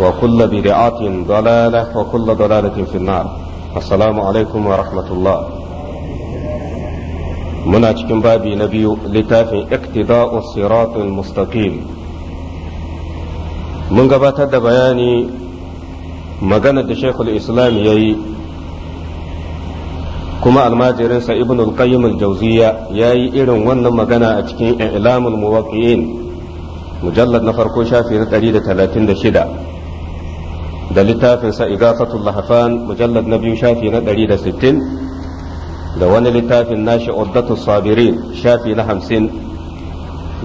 وكل بدعة ضلالة وكل ضلالة في النار السلام عليكم ورحمة الله muna cikin babi na biyu littafin iktida'u siratul mustaqim mun gabatar da bayani maganar da shekul islam ya yi kuma almajirinsa ibn al-qayyim al-jawziya ya yi irin wannan magana a cikin ilamul muwaqqi'in mujallad na farko shafi na 136 da littafinsa igafatul lahafan mujallad na biyu shafi na 160 da wani littafin nashi uddatu sabirin shafi na 50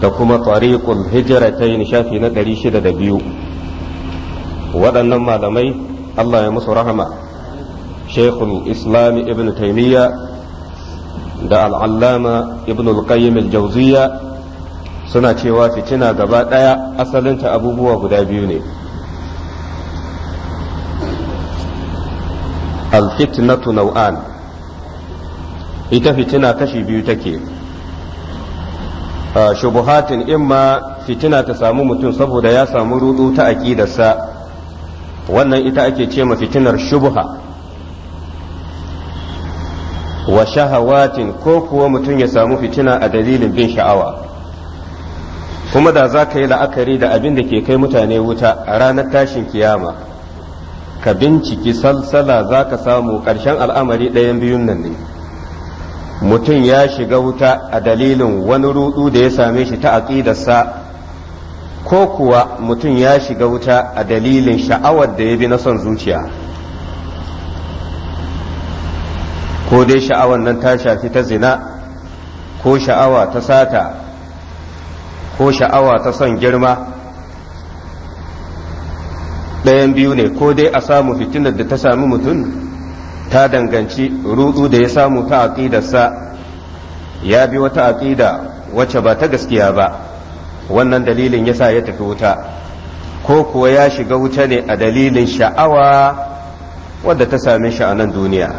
da kuma tariqul hijratain shafi na 602 waɗannan malamai Allah ya musu rahama shaykhul islam ibn taymiya da al-allama ibn al-qayyim al-jawziya suna cewa fitina gaba ɗaya asalinta abubuwa guda biyu ne alfitnatu nau'an ita fitina kashi biyu take ah, shubuhatin imma fitina ta samu mutum saboda ya samu rudu ta aƙidarsa wannan ita ake ce ma fitinar shubha wa shahawatin ko kuwa mutum ya samu fitina a dalilin bin sha'awa kuma da za ka yi la'akari da abin da ke kai mutane wuta a ranar tashin kiyama ka binciki salsala za ka samu ƙarshen al'amari ɗayan biyun nan ne mutum ya shiga wuta a dalilin wani rudu da ya same shi ta aƙidarsa ko kuwa mutum ya shiga wuta a dalilin sha'awar da ya bi na son zuciya ko dai sha'awar nan ta shafi ta zina ko sha'awa ta sata ko sha'awa ta son girma ɗayan biyu ne ko dai a samu fitinar da ta sami mutum ta danganci rudu da ya samu ta aƙidarsa ya bi wata aƙida wacce ba ta gaskiya ba wannan dalilin ya sa ya tafi wuta ko kuwa ya shiga wuta ne a dalilin sha'awa wadda ta same shi a nan duniya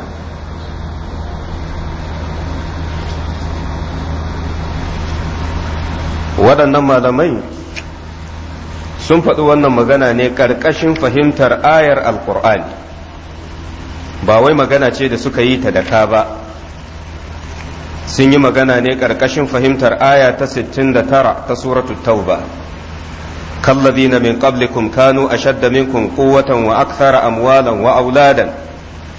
waɗannan malamai sun faɗi wannan magana ne ƙarƙashin fahimtar ayar alƙur'ani ba wai magana ce da suka yi ta da ba sun yi magana ne ƙarƙashin fahimtar aya ta tara ta suratu tauba kallazina min qablikum kanu ashadda minkum quwwatan wa akthara amwalan wa auladan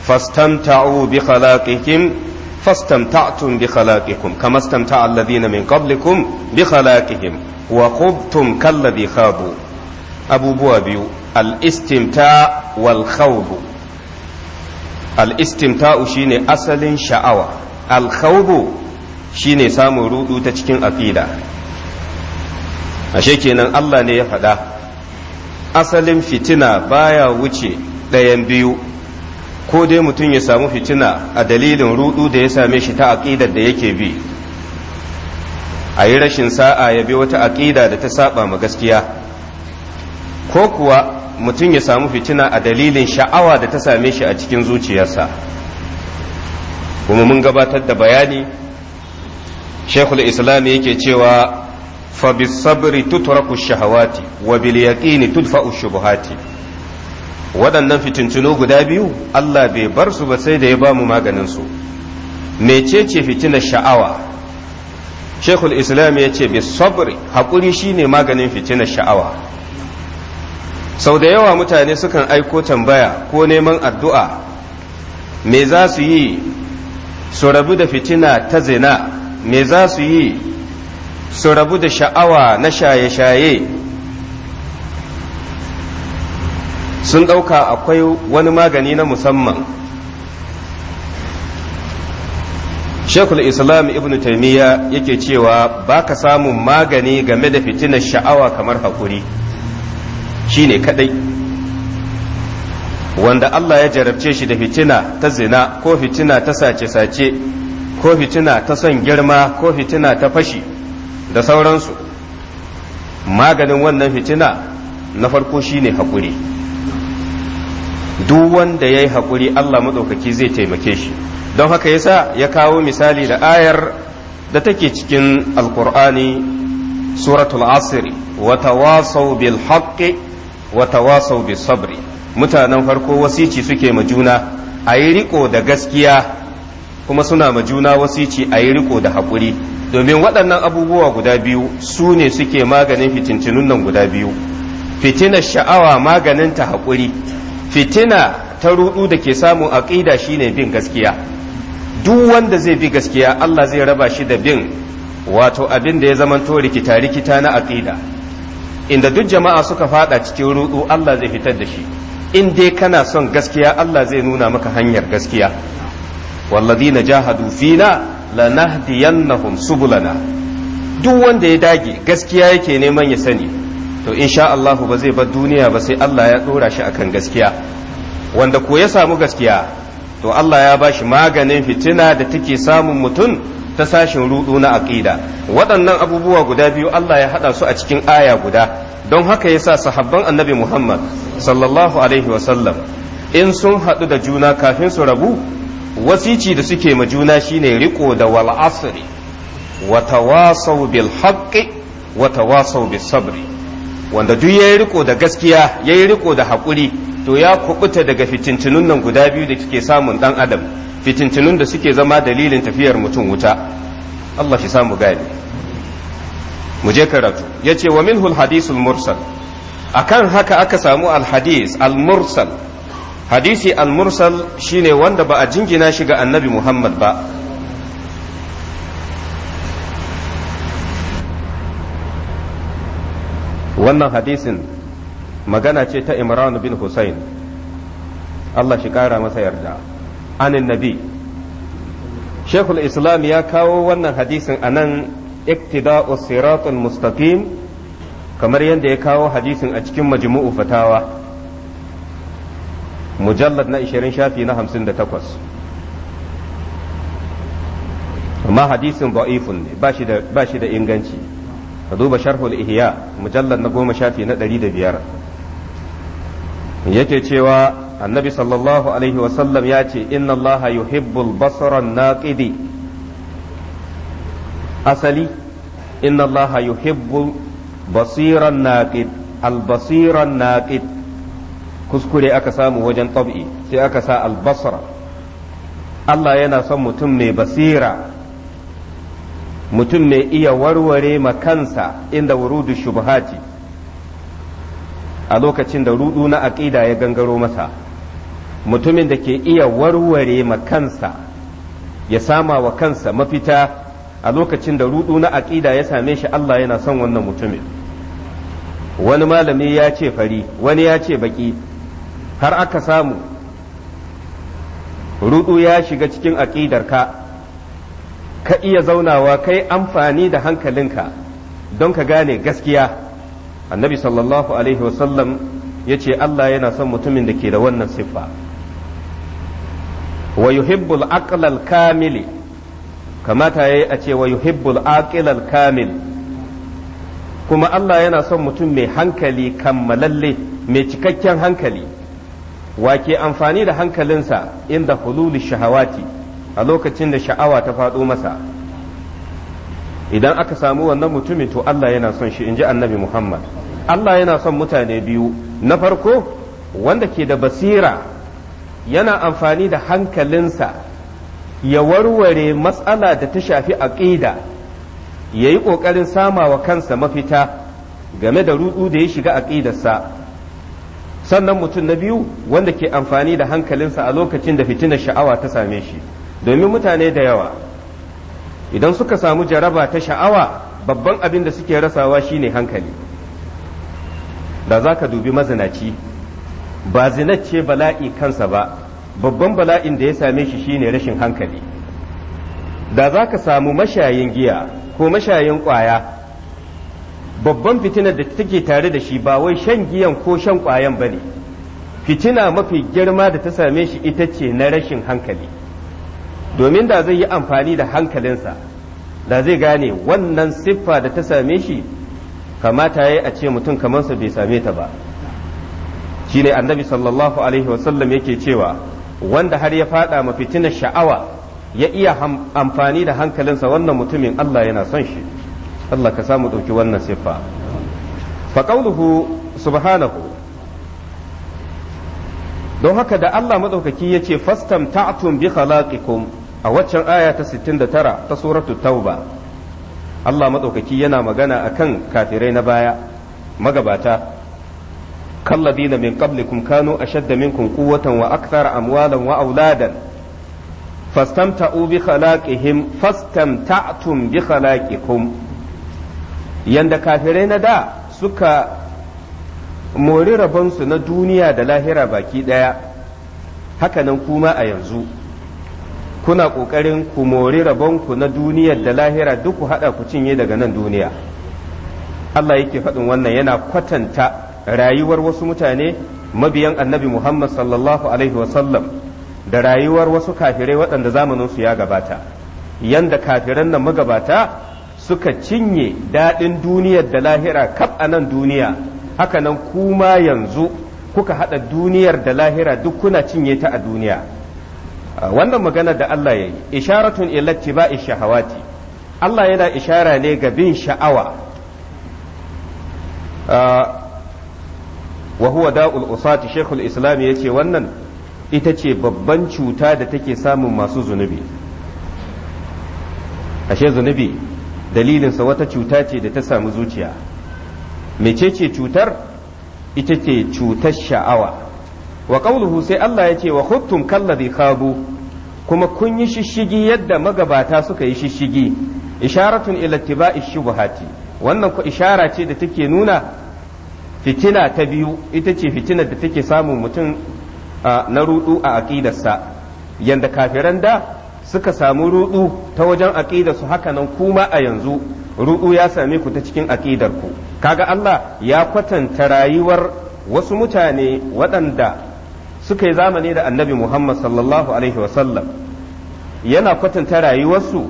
fastamta'u bi khalaqikum فاستمتعتم بخلاقكم كما استمتع الذين من قبلكم بخلاقهم وخبتم كالذي خابوا abubuwa biyu al-istimta wal khawbu al asalin sha'awa al-khawbu shine samun rudu ta cikin aƙida. ashe kenan Allah ne ya faɗa asalin fitina baya wuce ɗayan biyu ko dai mutum ya samu fitina a dalilin rudu da ya same shi ta aqidar da yake bi a yi rashin sa'a ya bi wata aƙida da ta saba ma gaskiya ko kuwa mutum ya samu fitina a dalilin sha'awa da ta same shi a cikin zuciyarsa kuma mun gabatar da bayani shekul islam yake cewa fa bis sabri tutraku shahawati wa bil yaqini tudfa'u shubuhati waɗannan fitintunu guda biyu Allah bai bar su ba sai da ya ba mu maganin su mecece fitinar sha'awa shekul islam ya ce bis sabri haƙuri shine maganin fitinar sha'awa sau da yawa mutane sukan aiko tambaya ko neman addu'a me za su yi su rabu da fitina ta zina me za su yi su rabu da sha'awa na shaye-shaye sun ɗauka akwai wani magani na musamman shekul islam ibn taimiyya yake cewa ba ka samun magani game da fitinar sha'awa kamar haƙuri. Shi ne kadai wanda Allah ya jarabce shi da fitina ta zina ko fitina ta sace-sace ko fitina ta son girma ko fitina ta fashi da sauransu maganin wannan fitina na farko shi ne haƙuri duk wanda ya yi haƙuri Allah maɗaukaki zai taimake shi don haka yasa ya kawo misali da ayar da take cikin alkur'ani suratul asiri wa wasau bil haƙƙi wa tawasau bi sabri mutanen farko wasici suke ma juna a yi riko da gaskiya kuma suna ma juna wasici a yi riko da haƙuri domin waɗannan abubuwa guda biyu su ne suke maganin fitintinun nan guda biyu Fitina sha'awa maganin ta hakuri fitina ta rudu da ke samun aƙida shine bin gaskiya duk wanda zai bi gaskiya Allah zai raba shi da bin wato abin da ya zamanto rikita rikita na aƙida inda duk jama'a suka fada cikin ruɗu Allah zai fitar da shi in dai kana son gaskiya Allah zai nuna maka hanyar gaskiya walladina jahadu fina lanahdiyannahum subulana duk wanda ya dage gaskiya yake neman ya sani to insha Allah ba zai bar duniya ba sai Allah ya dora shi akan gaskiya wanda ko ya samu gaskiya to Allah ya bashi maganin fitina da take samun mutum ta sashin rudu na aqida waɗannan abubuwa guda biyu Allah ya haɗa su a cikin aya guda don haka yasa sahabban annabi Muhammad sallallahu alaihi wasallam in sun haɗu da juna kafin su rabu wasici da suke ma juna shine riko da wal asri wa tawasau bil haqqi wa tawasau bis sabri wanda duk yayi riko da gaskiya yayi riko da hakuri to ya kubuta daga fitintunun nan guda biyu da kike samun dan adam fitintinun da suke zama dalilin tafiyar mutum wuta Allah shi samu gani mu je karatu ya ce wa minhul hadisul mursal akan haka aka samu alhadis almursal hadisi almursal shine wanda ba a jingina shi ga annabi muhammad ba wannan hadisin magana ce ta imran bin Husayn. Allah shi kara masa yarda anin nabi shekul islam ya kawo wannan hadisin a nan iktida'u siratul mustaqim kamar yadda ya kawo hadisin a cikin majmu'u fatawa mujallad na 20 shafi na 58 amma hadisin da'ifun ne ba shi da inganci ka duba sharhul ihya mujallar na goma shafi na yake cewa annabi sallallahu alaihi wasallam ya ce inna allaha yuhibbul basaran naqidi asali inna allaha yuhibbul basiran naqid albasiran naqid kuskure aka samu wajen tab'i sai aka sa albasara Allah yana son mutum mai basira mutum mai iya warware makansa inda wurudu shubhati a lokacin da rudu na aƙida ya gangaro masa mutumin da ke iya warware ma kansa ya sama wa kansa mafita a lokacin da rudu na aƙida ya same shi Allah yana son wannan mutumin wani malami ya ce fari wani ya ce baki har aka samu rudu ya shiga cikin aƙidarka ka iya zaunawa kai amfani da hankalinka don ka gane gaskiya annabi sallallahu alaihi wasallam ya ce Allah yana son mutumin da ke da wannan siffa. wa yuhibbul aqlal kamili kamata yayi a ce wa yuhibbul aqilal kamil kuma Allah yana son mutum mai hankali kammalalle mai cikakken hankali wake amfani da hankalinsa inda hululi shahawati a lokacin da sha'awa ta faɗo masa idan aka samu wannan mutumin to Allah yana son shi in ji annabi Muhammad Allah yana son mutane biyu na farko wanda ke da basira yana amfani da hankalinsa ya warware matsala da ta shafi aƙida ya yi ƙoƙarin sama wa kansa mafita game da rudu da ya shiga aƙidarsa sannan mutum na biyu wanda ke amfani da hankalinsa a lokacin da fitinar sha'awa ta same shi domin mutane da yawa idan suka samu jaraba ta sha'awa babban abin da suke rasawa shine hankali da za ka dubi mazinaci ba ce bala'i kansa ba babban bala'in da ya same shi shine rashin hankali da za ka samu mashayin giya ko mashayin ƙwaya babban fitinar da take tare da shi ba wai shan giyan ko shan ƙwayan ba ne fitina mafi girma da ta same shi ita ce na rashin hankali domin da zai yi amfani da hankalinsa da zai gane wannan siffa da ta same shi kamata ya yi a ce mutum kamansa bai same ta ba shine annabi sallallahu alaihi wasallam yake cewa wanda har ya fada ma fitinar sha'awa ya iya amfani da hankalinsa wannan mutumin Allah yana son shi Allah ka samu ɗauki wannan siffa fa qauluhu subhanahu don haka da Allah madaukaki ya ce fastam ta'tum bi khalaqikum a waccan aya ta 69 ta suratu tauba Allah madaukaki yana magana akan kafirai na baya magabata kalladina min qablikum kanu ashadda minkum quwwatan wa akthara amwalan wa auladan fastamta'u bi yanda kafirai na da suka mori rabonsu na duniya da lahira baki daya hakanan kuma a yanzu kuna ƙoƙarin ku mori rabonku na duniyar da lahira duk ku haɗa ku cinye daga nan duniya Allah yake faɗin wannan yana kwatanta rayuwar wasu mutane mabiyan annabi Muhammad sallallahu alaihi wasallam da rayuwar wasu kafirai waɗanda zamaninsu ya gabata yanda kafiran nan magabata suka cinye daɗin duniyar da lahira kaf a nan duniya haka nan kuma yanzu kuka haɗa duniyar da lahira duk kuna cinye ta a duniya uh, wannan magana da Allah ya yi isharatun ilatti ba shahawati Allah yana ishara ne ga bin sha'awa uh, Wahuwa da'ul usati shekul islam ya ce wannan ita ce babban cuta da take samun masu zunubi ashe zunubi dalilinsa wata cuta ce da ta sami zuciya mecece cutar ita ce cutar sha'awa wa qawluhu sai Allah ya ce wa khuttum kalladhi khabu kuma kun yi shishigi yadda magabata suka yi shishigi isharatun ila tiba'i shubuhati wannan ku ishara ce da take nuna fitina ta biyu ita ce fitinar da take samun mutum na rudu a aƙidarsa yanda kafiran da suka samu rudu ta wajen aƙidarsu hakanan kuma a yanzu rudu ya same ku ta cikin aƙidarku kaga Allah ya kwatanta rayuwar wasu mutane waɗanda suka yi zamani da annabi Muhammad sallallahu alaihi wasallam yana kwatanta rayuwarsu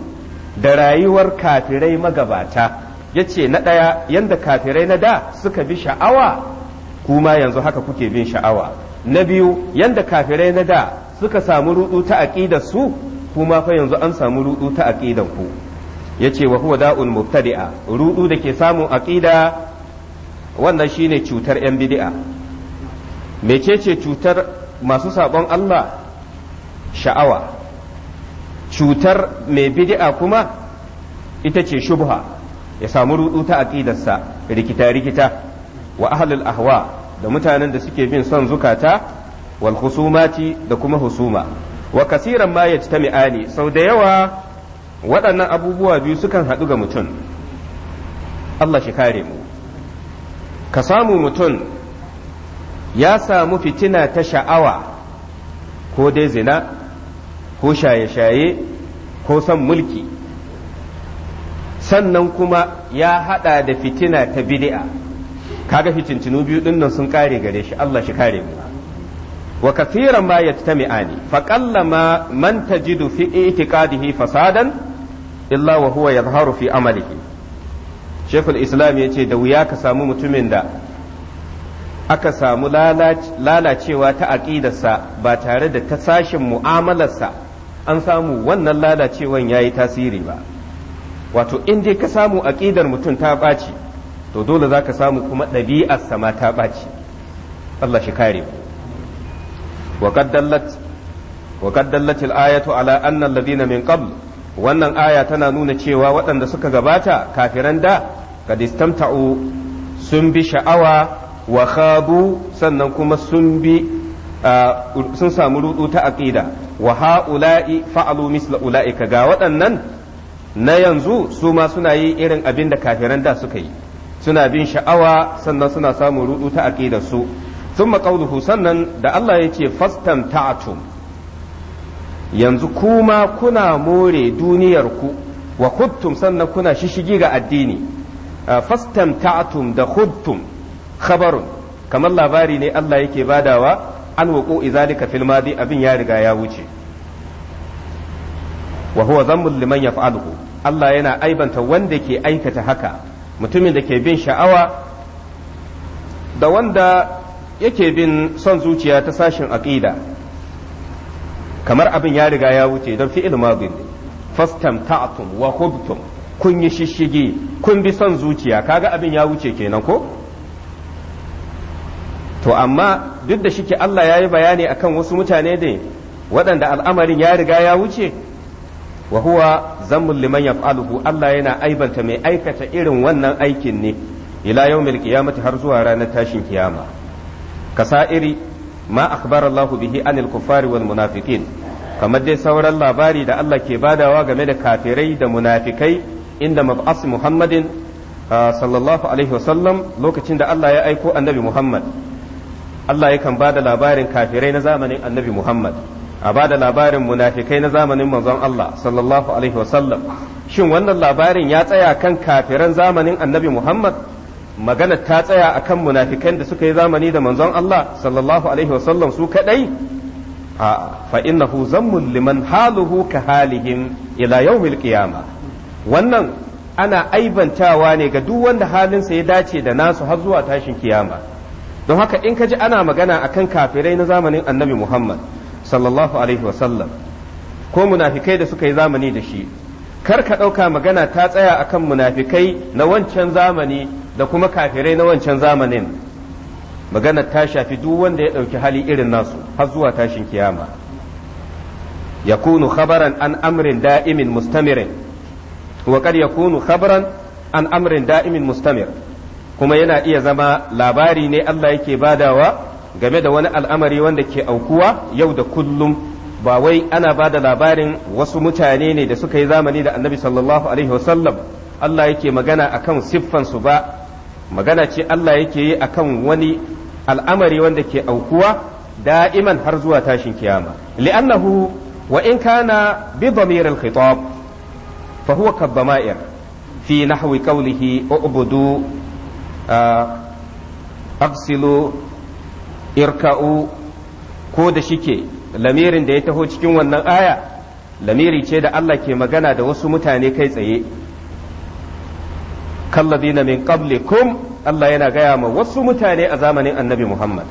da rayuwar kafirai magabata Yace na ɗaya yadda kafirai na da suka bi sha'awa kuma yanzu haka kuke bin sha'awa na biyu yadda kafirai na da suka samu rudu ta aƙidar su kuma fa yanzu an samu rudu ta aƙidar ku ya ce wa huwa da'un mubtadi'a rudu da ke samun aƙida wannan shine cutar yan bid'a mecece cutar masu sabon Allah sha'awa cutar mai bidi'a kuma ita ce shubha ya samu rudu ta aqidarsa rikita rikita wa ahlul ahwa da mutanen da suke bin son zukata wal husumati da kuma husuma wa kasiran ma yajtami'ani sau da yawa waɗannan abubuwa biyu sukan haɗu ga mutum Allah shi kare mu ka samu mutum ya samu fitina ta sha'awa ko dai zina ko shaye-shaye ko son mulki sannan kuma ya hada da fitina ta bid'a kaga fitintinu biyu dinnan sun kare gare shi Allah shi kare mu wa kathiran ma yattami'ani fa qallama man tajidu fi i'tiqadihi fasadan illa wa huwa yadhharu fi amalihi shaykhul islam ya ce da wuya ka samu mutumin da aka samu lalacewa ta aƙidarsa ba tare da ta sashin mu'amalarsa an samu wannan lalacewan yayi tasiri ba wato in dai ka samu aƙidar mutum ta ɓaci to dole za ka samu kuma ɗabi'ar sama ta ɓaci Allah shi kare wa qad dallat al-ayatu ala anna alladhina min qabl wannan aya tana nuna cewa waɗanda suka gabata kafiran da kad istamta'u sun bi sha'awa wa khabu sannan kuma sun bi sun samu rudu ta aqida wa ha'ula'i fa'alu misla ula'ika ga waɗannan na yanzu su ma suna yi irin abin da kafiran da suka yi suna bin sha'awa sannan suna samun rudu ta aqidar su thumma qawluhu sannan da Allah ya ce fastam ta'atum yanzu kuma kuna more duniyar ku wa khudtum sannan kuna shishigi ga addini uh, fastam ta'atum da khudtum khabarun kamar labari ne Allah yake badawa an wuqu izalika fil madi abin ya riga ya wuce wa huwa zammul liman yaf'aluhu Allah yana aibanta wanda ke aikata haka mutumin da ke bin sha'awa da wanda yake bin son zuciya ta sashin aqida kamar abin ya riga ya wuce don fi'il madin fastamta'tum wa khubtum kun yi shishigi kun bi son zuciya kaga abin ya wuce kenan ko to amma duk da shike Allah ya yi bayani akan wasu mutane ne waɗanda al'amarin ya riga ya wuce Wahuwa huwa zammul liman yaf'aluhu Allah yana aibanta mai aikata irin wannan aikin ne ila yawmil qiyamati har zuwa ranar tashin kiyama kasa'iri ma akhbara Allah bihi anil kuffari wal munafiqin kamar dai sauran labari da Allah ke badawa game da kafirai da munafikai inda mab'as Muhammadin ah, sallallahu alaihi wasallam lokacin da Allah ya aiko annabi Muhammad Allah yakan bada labarin kafirai na zamanin annabi Muhammad a bada labarin munafikai na zamanin manzon Allah sallallahu alaihi wasallam shin wannan labarin ya tsaya kan kafiran zamanin annabi Muhammad magana ta tsaya akan munafikan da suka yi zamani da manzon Allah sallallahu alaihi wasallam su kadai a fa innahu zammun liman haluhu ka halihim ila yawmil qiyama wannan ana aibantawa ne ga duk wanda halinsa ya dace da nasu har zuwa tashin kiyama don haka in ka ji ana magana akan kafirai na zamanin annabi Muhammad sallallahu alaihi wasallam ko munafikai da suka yi zamani da shi kar ka ɗauka magana ta tsaya akan munafikai na wancan zamani da kuma kafirai na wancan zamanin magana ta shafi duk wanda ya ɗauki hali irin nasu har zuwa tashin kiyama kunu khabaran an amrin da'imin mustamirin wa ya yakunu khabaran an amrin da'imin mustamir kuma yana iya zama labari ne Allah yake badawa game da wani al'amari wanda ke aukuwa yau da kullum ba wai ana ba da labarin wasu mutane ne da suka yi zamani da annabi sallallahu alaihi wasallam Allah yake magana akan siffansu ba magana ce Allah yake yi akan wani al'amari wanda ke aukuwa da'iman har zuwa tashin kiyama li'annahu wa in kana bi dhamir al-khitab fa huwa kabama'ir fi nahwi qawlihi u'budu أغسلوا uh, irka'u ko da shike lamirin da ya taho cikin wannan aya lamiri ce da Allah ke magana da wasu mutane kai tsaye kalladina min qablikum Allah yana gaya ma wasu mutane a zamanin annabi Muhammad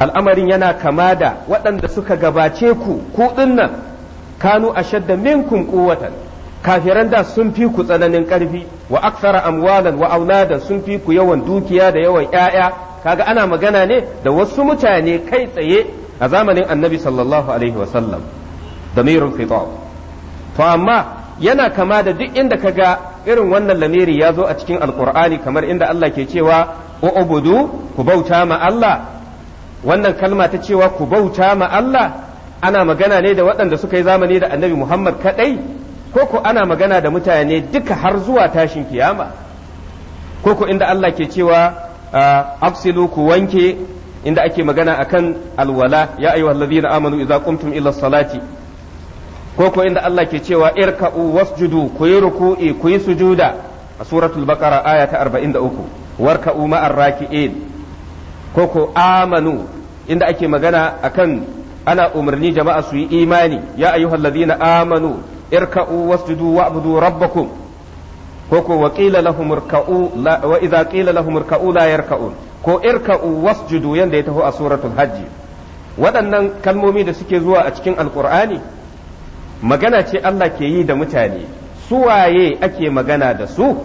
al'amarin yana kama da waɗanda suka gabace ku kuɗin nan kanu a minkum kuwatan kafiran da sun fi ku tsananin ƙarfi wa aksara amwalan wa auladan sun fi ku yawan dukiya da yawan yaya. kaga ana magana ne da wasu mutane kai tsaye a zamanin annabi sallallahu alaihi wasallam da mirin khitab to amma yana kama da duk inda kaga irin wannan lamiri ya zo a cikin alkur'ani kamar inda Allah ke cewa ubudu ku bauta ma Allah wannan kalma ta cewa ku bauta ma Allah ana magana ne da waɗanda suka yi zamani da annabi Muhammad kadai ko ko ana magana da mutane duka har zuwa tashin kiyama ko ko inda Allah ke cewa afsilu ku wanke inda ake magana akan alwala ya ayyuhal ladina amanu idza qumtum ila salati ko ko inda Allah ke cewa irka'u wasjudu ku yi ruku'i ku yi sujuda a suratul baqara aya ta 43 warka'u ma'ar raki'in ko ko amanu inda ake magana akan ana umarni jama'a su yi imani ya ayyuhal na amanu irka'u wasjudu wa'budu rabbakum ko ko wa qila lahum lahum irka'u la ko irka'u wasjudu yanda ya taho a suratul waɗannan kalmomi da suke zuwa a cikin alƙur'ani. magana ce Allah ke yi da mutane su waye ake magana da su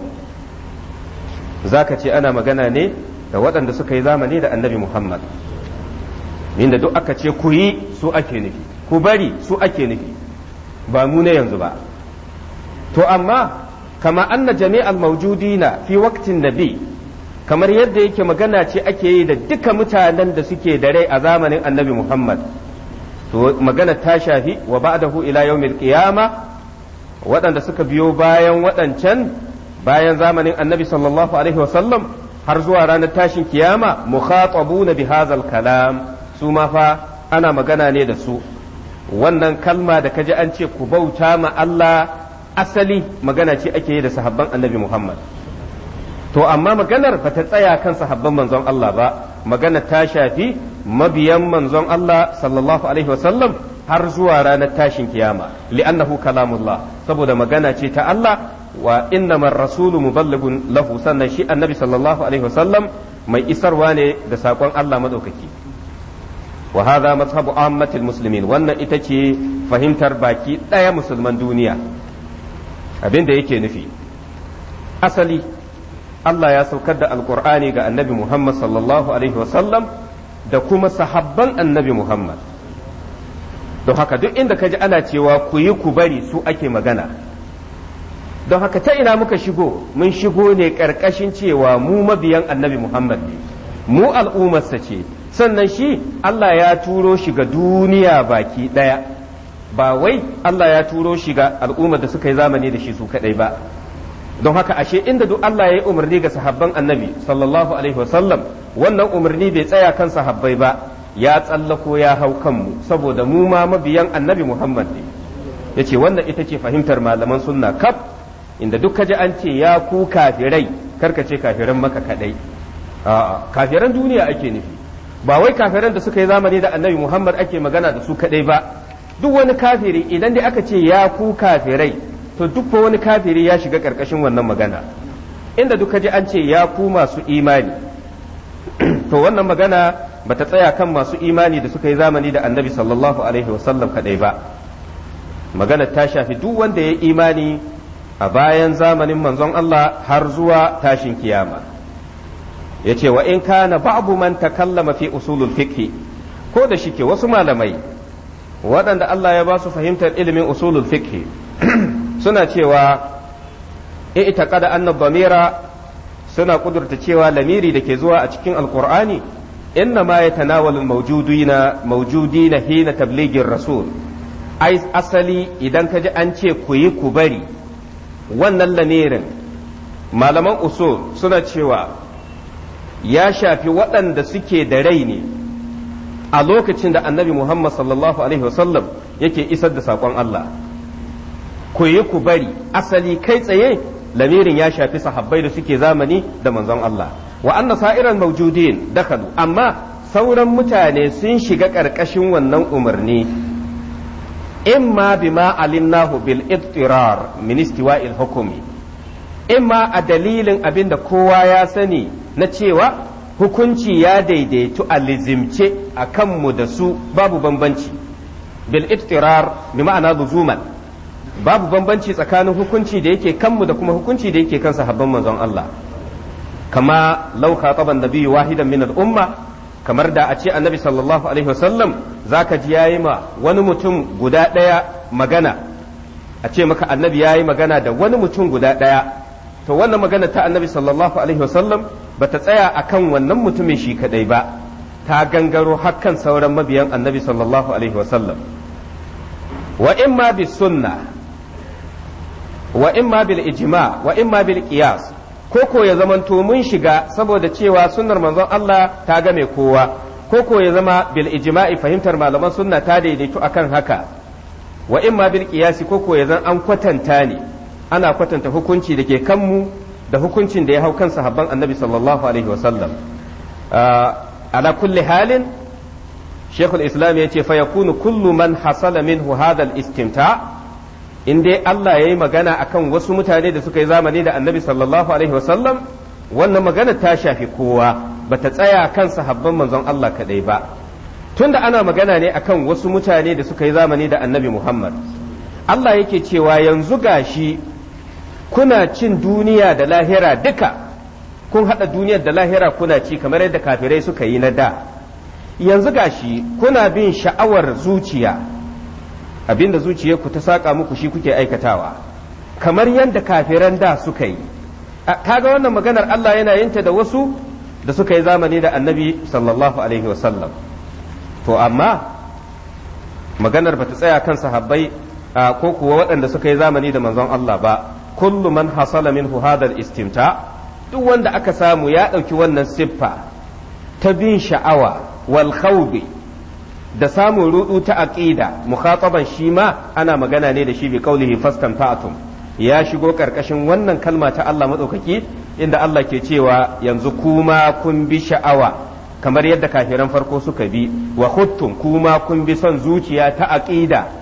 zaka ce ana magana ne da waɗanda suka yi zamani da annabi Muhammad inda duk aka ce ku yi su ake nufi ku bari su ake nufi ba mu ne yanzu ba to amma kama anna jami'al mawjudina fi waqtin nabi kamar yadda yake magana ce ake yi da duka mutanen da suke da rai a zamanin annabi Muhammad to magana ta shafi wa ba da hu ila yawmil qiyama waɗanda suka biyo bayan waɗancan bayan zamanin annabi sallallahu alaihi wasallam har zuwa ranar tashin kiyama mukhatabuna na bihazal kalam su ma fa ana magana ne da su wannan kalma da kaji ance ku bauta ma Allah asali magana ce ake yi da sahabban annabi Muhammad to amma maganar ba ta tsaya kan sahabban manzon Allah ba magana ta shafi mabiyan manzon Allah sallallahu alaihi wasallam har zuwa ranar tashin kiyama li'annahu kalamullah saboda magana ce ta Allah wa innamar rasulu muballigun lahu sannan shi annabi sallallahu alaihi wasallam mai isarwa ne da sakon Allah madaukaki wa hadha mazhabu ammatil muslimin wannan ita ce fahimtar baki ɗaya musulman duniya abin da yake nufi asali Allah ya saukar da alkur'ani ga annabi Muhammad sallallahu alaihi wasallam da kuma sahabban annabi Muhammad don haka duk inda ka ji ana cewa ku yi ku bari su ake magana don haka ta ina muka shigo mun shigo ne ƙarƙashin cewa mu mabiyan annabi Muhammad ne mu al'ummarsa ce sannan shi Allah ya turo shi ga duniya baki ɗaya ba wai Allah ya turo shi ga al'ummar da suka yi zamani da shi su kadai ba don haka ashe inda duk Allah ya yi umarni ga sahabban annabi sallallahu alaihi wasallam wannan umarni bai tsaya kan sahabbai ba ya tsallako ya hau kanmu saboda mu ma mabiyan annabi Muhammad ne yace wannan ita ce fahimtar malaman sunna kaf inda duk kaji an ce ya ku kafirai karka ce kafiran maka kadai kafiran duniya ake nufi ba wai kafiran da suka yi zamani da annabi Muhammad ake magana da su kadai ba duk wani kafiri idan dai aka ce ya ku kafirai to duk wani kafiri ya shiga karkashin wannan magana inda duka ji an ce ya ku masu imani to wannan magana ba ta tsaya kan masu imani da suka yi zamani da annabi sallallahu alaihi wasallam kadai ba magana ta shafi duk wanda ya imani a bayan zamanin manzon Allah har zuwa tashin kiyama ya ce wa in kana babu man takallama fi usulul fiqh ko da shike wasu malamai waɗanda Allah ya ba su fahimtar ilimin usulul fiqh suna cewa i'taqada anna dhamira suna kudurta cewa lamiri da ke zuwa a cikin alqur'ani inna ma yatanawalul mawjudina mawjudina hina tabligin rasul ai asali idan ka ji an ce ku yi ku bari wannan lamirin malaman usul suna cewa ya shafi waɗanda suke da rai ne a lokacin da annabi Muhammad sallallahu alaihi wasallam yake isar da saƙon Allah ku yi ku bari asali kai tsaye lamirin ya shafi sahabbai da suke zamani da manzon Allah wa anna sa'iran mawjudin dakalu amma sauran mutane sun shiga ƙarƙashin wannan umarni imma bima alimnahu bil ittirar min istiwa'il hukumi imma a dalilin abin da kowa ya sani na cewa hukunci ya daidaitu a lizimce a kanmu da su babu bambanci bil iftirar bi ma'ana luzuman babu bambanci tsakanin hukunci da yake kanmu da kuma hukunci da yake kan sahabban manzon Allah kama law khataban nabiyyu wahidan min al-umma kamar da a ce annabi sallallahu alaihi wasallam zaka ji yayi ma wani mutum guda daya magana a ce maka annabi yayi magana da wani mutum guda daya to wannan magana ta annabi sallallahu alaihi wasallam bata tsaya akan wannan mutumin shi kadai ba ta gangaro hakan sauran mabiyan annabi sallallahu alaihi wasallam wa imma bis sunna wa imma bil ijma wa imma bil qiyas ya zamanto mun shiga saboda cewa sunnar manzon Allah ta game kowa ko ya zama bil ijma'i fahimtar malaman sunna ta daidaitu akan haka wa imma bil qiyasi ko ya zan an kwatanta ne ana kwatanta hukunci da ke kanmu da hukuncin da ya hau kan sahabban annabi sallallahu alaihi wasallam ah, ala kulli halin shekul islam ya ce fayakunu kullu man hasala minhu hadha al-istimta in dai Allah ya yi magana akan wasu mutane da suka yi zamani da annabi sallallahu alaihi wasallam wannan magana ta shafi kowa bata tsaya kan sahabban manzon Allah kadai ba tunda ana magana ne akan wasu mutane da suka yi zamani da annabi Muhammad Allah yake cewa yanzu gashi kuna cin duniya da lahira duka kun haɗa duniyar da lahira kuna ci kamar yadda kafirai suka yi na da yanzu gashi kuna bin sha'awar zuciya abinda ku ta saƙa muku shi kuke aikatawa kamar yadda kafiran da suka yi kaga wannan maganar Allah yana yin ta da wasu da suka yi zamani da annabi sallallahu alaihi wasallam to amma maganar bata tsaya kan sahabbai ko kuwa waɗanda suka yi zamani da manzon Allah ba Kulluman hasalamin hasala minhu istimta duk wanda aka samu ya ɗauki wannan siffa ta bin sha'awa wal khawbi da samun rudu ta aqida mukhataban shi ma ana magana ne da shi bi qaulihi fastanfa'tum ya shigo karkashin wannan kalma ta Allah madaukaki inda Allah ke cewa yanzu kuma kun bi sha'awa kamar yadda kafiran farko suka bi wa khuttum kuma kun bi son zuciya ta aqida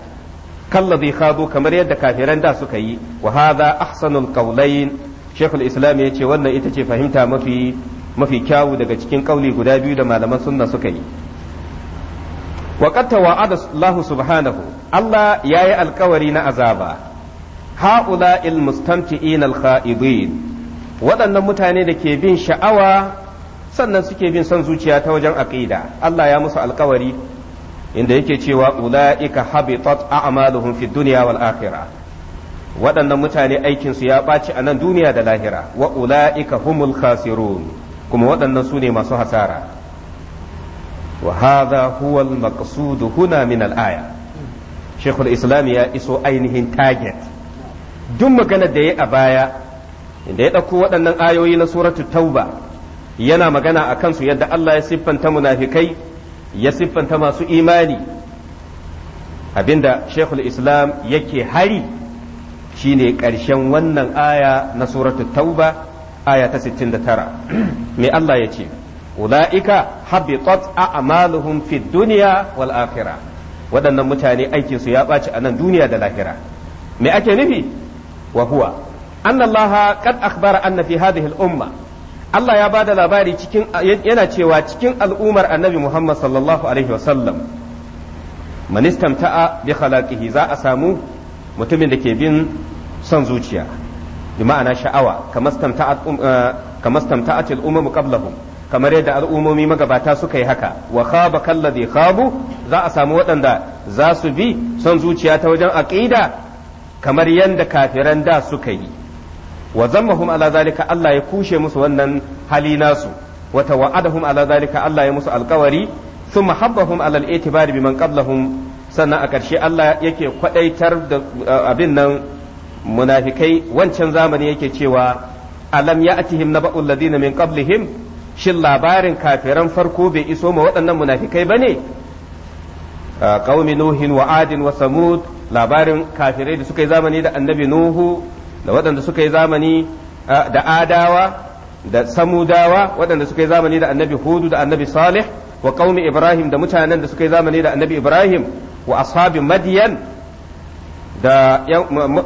kallabi khadu kamar yadda kafiran da suka yi wa hadha ahsanul qawlayn shaykhul islam yace wannan ita ce fahimta mafi mafi kyawu daga cikin kauli guda biyu da malaman sunna suka yi wa qad tawa'ada Allah subhanahu Allah yayi alkawari na azaba ha'ula il mustamti'in al kha'idin waɗannan mutane da ke bin sha'awa sannan suke bin son zuciya ta wajen aqida Allah ya musu alkawari inda yake cewa ula'ika habitat a'maluhum fi dunya wal akhirah waɗannan mutane aikinsu ya ɓaci a nan duniya da lahira wa ula'ika humul khasirun kuma waɗannan su ne masu hasara wa hadha huwa al maqsud huna min al aya shaykhul islam ya iso ainihin target duk maganar da yayi a baya inda ya ɗauko waɗannan ayoyi na suratu tauba yana magana a kansu yadda Allah ya siffanta munafikai ya siffanta masu imani abinda shekul islam yake hari shine ƙarshen wannan aya na suratu tauba aya ta 69 me Allah ya ce ula'ika habitat a'maluhum fid duniya wal akhira waɗannan mutane aikinsu ya ɓaci a nan duniya da lahira me ake nufi wa huwa anna Allah qad akhbara anna fi hadhihi al umma Allah ya ba da labari cikin yana cewa cikin al'umar annabi Muhammad sallallahu alaihi wasallam man istamta'a bi khalaqihi za a samu mutumin da ke bin son zuciya bi ma'ana sha'awa kamar stamta'at al'ummu eh, qablahum kamar yadda al'ummomi magabata suka yi haka wa khaba kalladhi khabu za a samu waɗanda za su bi son zuciya ta wajen aqida kamar yadda kafiran da suka yi wa zammahum ala zalika Allah ya kushe musu wannan hali nasu wa'ada tawaadahum ala zalika Allah ya musu alkawari thumma habbahum ala al-i'tibari biman qablahum sannan a karshe Allah yake kwadaitar da abin nan munafikai wancan zamani yake cewa alam ya'tihim naba'ul ladina min qablihim shin labarin kafiran farko bai iso ma waɗannan munafikai bane qaumi nuhin wa adin wa samud labarin kafirai da suka yi zamani da annabi nuhu da waɗanda suka yi zamani da adawa da samudawa waɗanda suka yi zamani da annabi hudu da annabi salih wa qaumi ibrahim da mutanen da suka yi zamani da annabi ibrahim wa ashabi madiyan da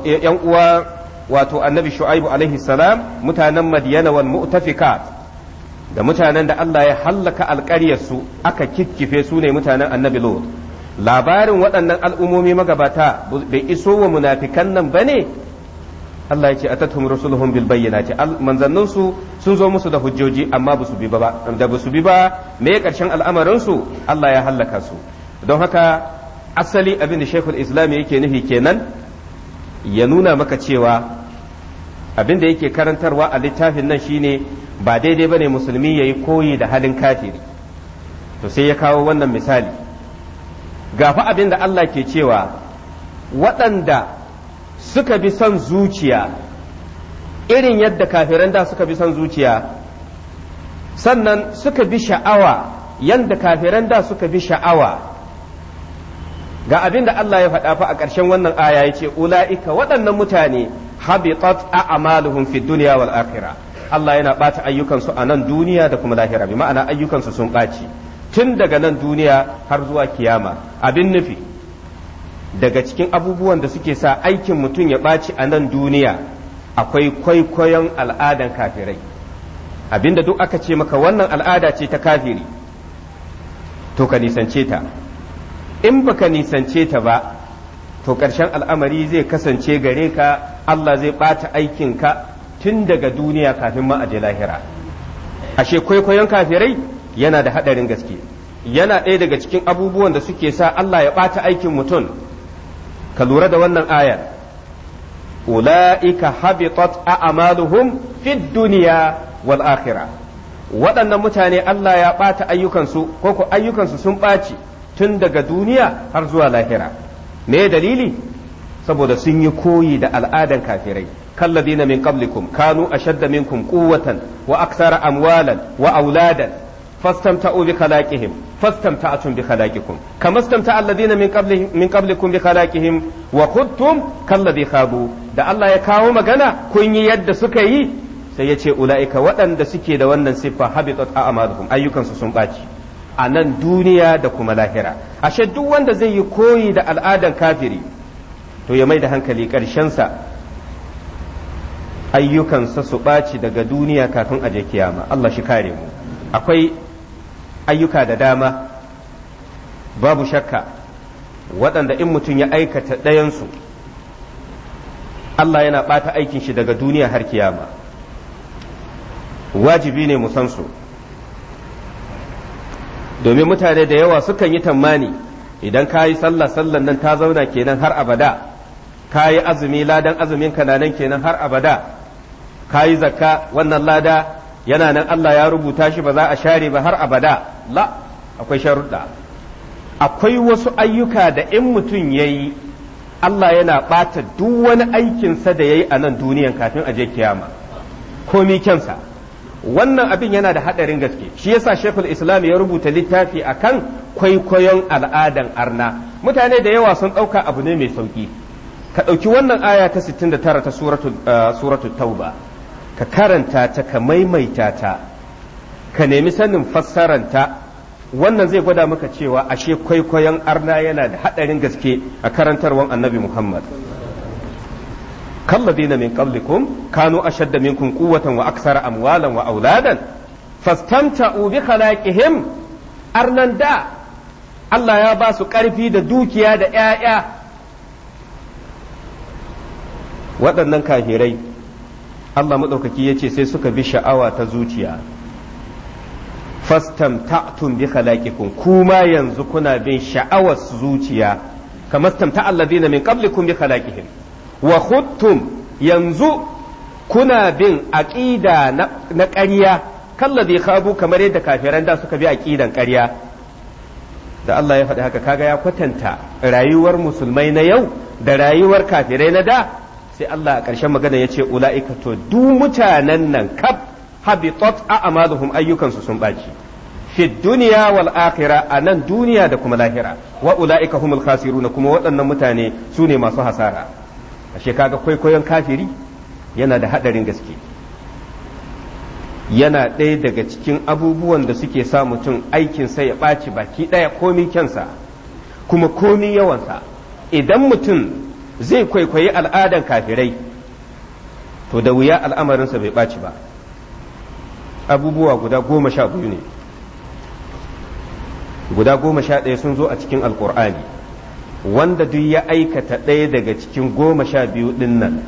yan uwa wato annabi shu'aibu alaihi salam mutanen madiyana wal mu'tafikat da mutanen da Allah ya hallaka alƙaryarsu aka kikkife su ne mutanen annabi lot labarin waɗannan al'ummomi magabata bai iso wa munafikan nan bane Allah ya ce atatum rusuluhum bil bayyinati manzannin su sun zo musu da hujjoji amma ba su bi ba da ba su bi ba me karshen al'amarin su Allah ya halaka su don haka asali abin da Sheikhul Islam yake nufi kenan ya nuna maka cewa abin da yake karantarwa a littafin nan shine ba daidai bane musulmi yayi koyi da halin kafiri to sai ya kawo wannan misali gafa abin da Allah ke cewa waɗanda suka bi son zuciya irin yadda kafiran da suka bi son zuciya sannan suka bi sha'awa yadda kafiran da suka bi sha'awa ga abin da Allah ya faɗa fa a ƙarshen wannan aya ya ce ula'ika waɗannan mutane habitat a amaluhum fi duniya wal akhirah Allah yana ɓata ayyukansu a nan duniya da kuma lahira bi ma'ana ayyukansu sun ɓaci tun daga nan duniya har zuwa kiyama abin nufi daga cikin abubuwan da suke sa aikin mutum ya ɓaci a nan duniya akwai kwaikwayon al'adan kafirai abinda duk aka ce maka wannan al'ada ce ta kafiri to ka nisance ta in baka nisance ta ba to ƙarshen al'amari zai kasance gare ka Allah zai ɓata aikinka tun daga duniya kafin ma aje lahira ashe kwaikwayon kafirai yana da haɗarin gaske yana ɗaya daga cikin abubuwan da suke sa Allah ya ɓata aikin mutum ka lura da wannan ayar ula'ika habitat a'maluhum fid duniya wal akhira waɗannan mutane Allah ya ɓata ayyukansu ko ko ayyukansu sun ɓaci tun daga duniya har zuwa lahira me dalili saboda sun yi koyi da al'adan kafirai kalladina min qablikum kanu ashadda minkum quwwatan wa aksara amwalan wa auladan fastamta'u bi khalaqihim fastamta'tum bi khalaqikum kama stamta alladhina min qablihim min qablikum bi khalaqihim wa khudtum kalladhi khabu da Allah ya kawo magana kun yi yadda suka yi sai ya ce ula'ika waɗanda suke da wannan siffa habitat a'maluhum ayyukansu sun ɓaci a nan duniya da kuma lahira ashe duk wanda zai yi koyi da al'adan kafiri to ya mai da hankali ƙarshensa ayyukansa su ɓaci daga duniya kafin a je kiyama Allah shi kare mu akwai ayyuka da dama babu shakka waɗanda in mutum ya aikata ɗayansu Allah yana ɓata aikin shi daga duniya har kiyama wajibi ne mu san su domin mutane da yawa sukan yi tammani idan ka yi sallah sallan nan ta zauna kenan har abada ka yi azumi ladan azumin kananan kenan har abada ka yi zakka wannan lada yana nan Allah ya rubuta shi ba za a share ba har abada la akwai sharuɗa akwai wasu ayyuka da in mutum ya yi Allah yana ɓata duk wani aikinsa da ya yi a nan duniyan kafin a je kiyama komi kyansa wannan abin yana da haɗarin gaske shi yasa shekul islam ya rubuta littafi a kan kwaikwayon al'adan arna mutane da yawa sun ɗauka abu ne mai sauƙi ka ɗauki wannan aya ta 69 ta suratu eh, tauba ka karanta ta ka maimaita ta ka nemi sanin fassaranta wannan zai gwada maka cewa ashe kwaikwayon arna yana da haɗarin gaske a karantarwan annabi muhammad kalladina min qablikum kanu ashadda minkum quwwatan wa aksara amwalan wa auladan fastamta'u bi khalaqihim arnan da Allah ya ba su ƙarfi da dukiya da ‘ya'ya waɗannan kafirai Allah maɗaukaki ya ce sai suka bi sha'awa ta zuciya fastam ta'tun bi khalaqikum kuma yanzu kuna bin sha'awar zuciya kamar tamta min qablikum bi khalaqihim wa khuttum yanzu kuna bin aqida na ƙarya kalladhi khabu kamar yadda kafiran da suka bi aqidan ƙarya da Allah ya faɗi haka kaga ya kwatanta rayuwar musulmai na yau da rayuwar kafirai na da sai Allah a ƙarshen magana ya ce ula'ika to duk mutanen nan kaf habitat a'maluhum ayyukansu sun baci fi duniya wal akhira a nan duniya da kuma lahira wa ula'ika humul khasiruna kuma waɗannan mutane su ne masu hasara ashe kaga kwaikwayon kafiri yana da haɗarin gaske yana ɗaya daga cikin abubuwan da suke sa mutum aikin aikinsa ya ɓaci baki ɗaya komi kyansa kuma komi yawansa idan mutum zai kwaikwayi al'adan kafirai to da wuya al'amarinsa bai ɓaci ba abubuwa guda goma sha biyu ne guda goma sha ɗaya sun zo a cikin alkur'ani wanda duk ya aikata ɗaya daga cikin goma sha biyu ɗin nan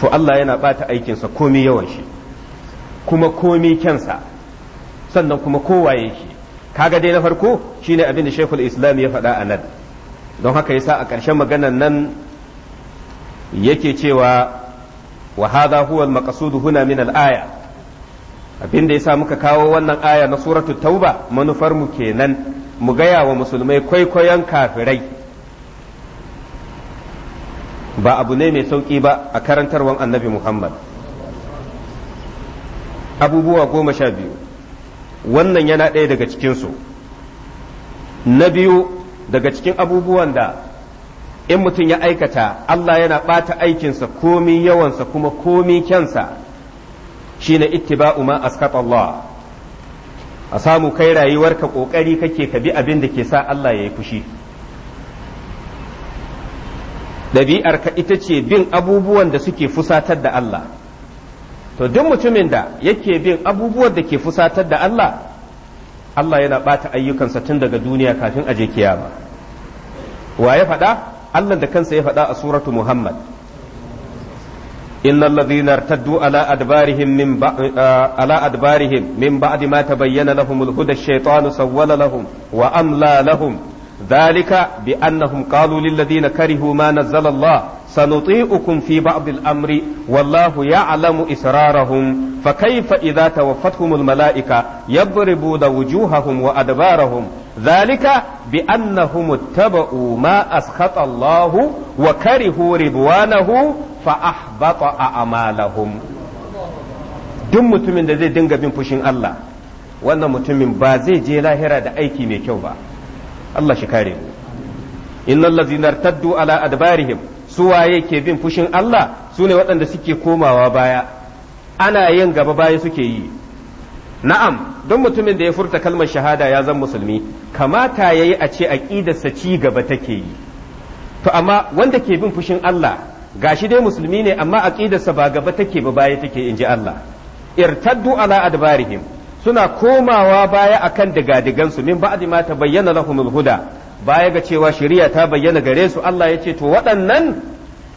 to Allah yana ɓata aikinsa komi yawan shi kuma komi kyansa sannan kuma kowaye shi kaga dai na farko shine abin da shekul islam ya faɗa a nan don haka yasa a ƙarshen maganar nan yake cewa wa hadha huwa al-maqsud huna min al-aya abinda yasa muka kawo wannan aya na suratu tauba manufar mu kenan mu gaya wa musulmai kwaikwayon kafirai ba abu ne mai sauƙi ba a karantarwan annabi muhammad abubuwa goma sha biyu wannan yana ɗaya daga cikinsu na biyu daga cikin abubuwan da in mutum ya aikata Allah yana ɓata aikinsa komi yawansa kuma komi kyansa shine ittiba'u ma askata Allah a samu kai rayuwarka ƙoƙari kake ka bi abin da ke sa Allah ya yi fushi ɗabi'arka ita ce bin abubuwan da suke fusatar da Allah to duk mutumin da yake bin abubuwan da ke fusatar da Allah Allah yana ɓata ayyukansa tun daga duniya kafin a je kiyama wa ya faɗa Allah da kansa ya faɗa a suratu Muhammad Inna ladina irtaddu ala adbarihim min ala adbarihim min ba'di ma tabayyana lahumul sawwala lahum wa amla lahum ذلك بأنهم قالوا للذين كرهوا ما نزل الله سنطيعكم في بعض الأمر والله يعلم إسرارهم فكيف إذا توفتهم الملائكة يضربون وجوههم وأدبارهم ذلك بأنهم اتبعوا ما أسخط الله وكرهوا رضوانه فأحبط أعمالهم دم متمن da zai dinga bin fushin Allah wannan mutumin ba zai je lahira da aiki mai kyau ba Allah shi kare mu innal ladzina irtaddu ala adbarihim su waye ke bin fushin Allah su ne waɗanda suke komawa baya ana yin gaba baya suke yi na'am don mutumin da ya furta kalmar shahada ya zama musulmi kamata yayi a ce aqidarsa ci gaba take yi to amma wanda ke bin fushin Allah gashi dai musulmi ne amma aqidarsa ba gaba take ba baya take inji Allah irtaddu ala adbarihim suna komawa baya akan digadigansu min ba'di ma tabayyana lahumul huda baya ga cewa shari'a ta bayyana gare su Allah ya ce to waɗannan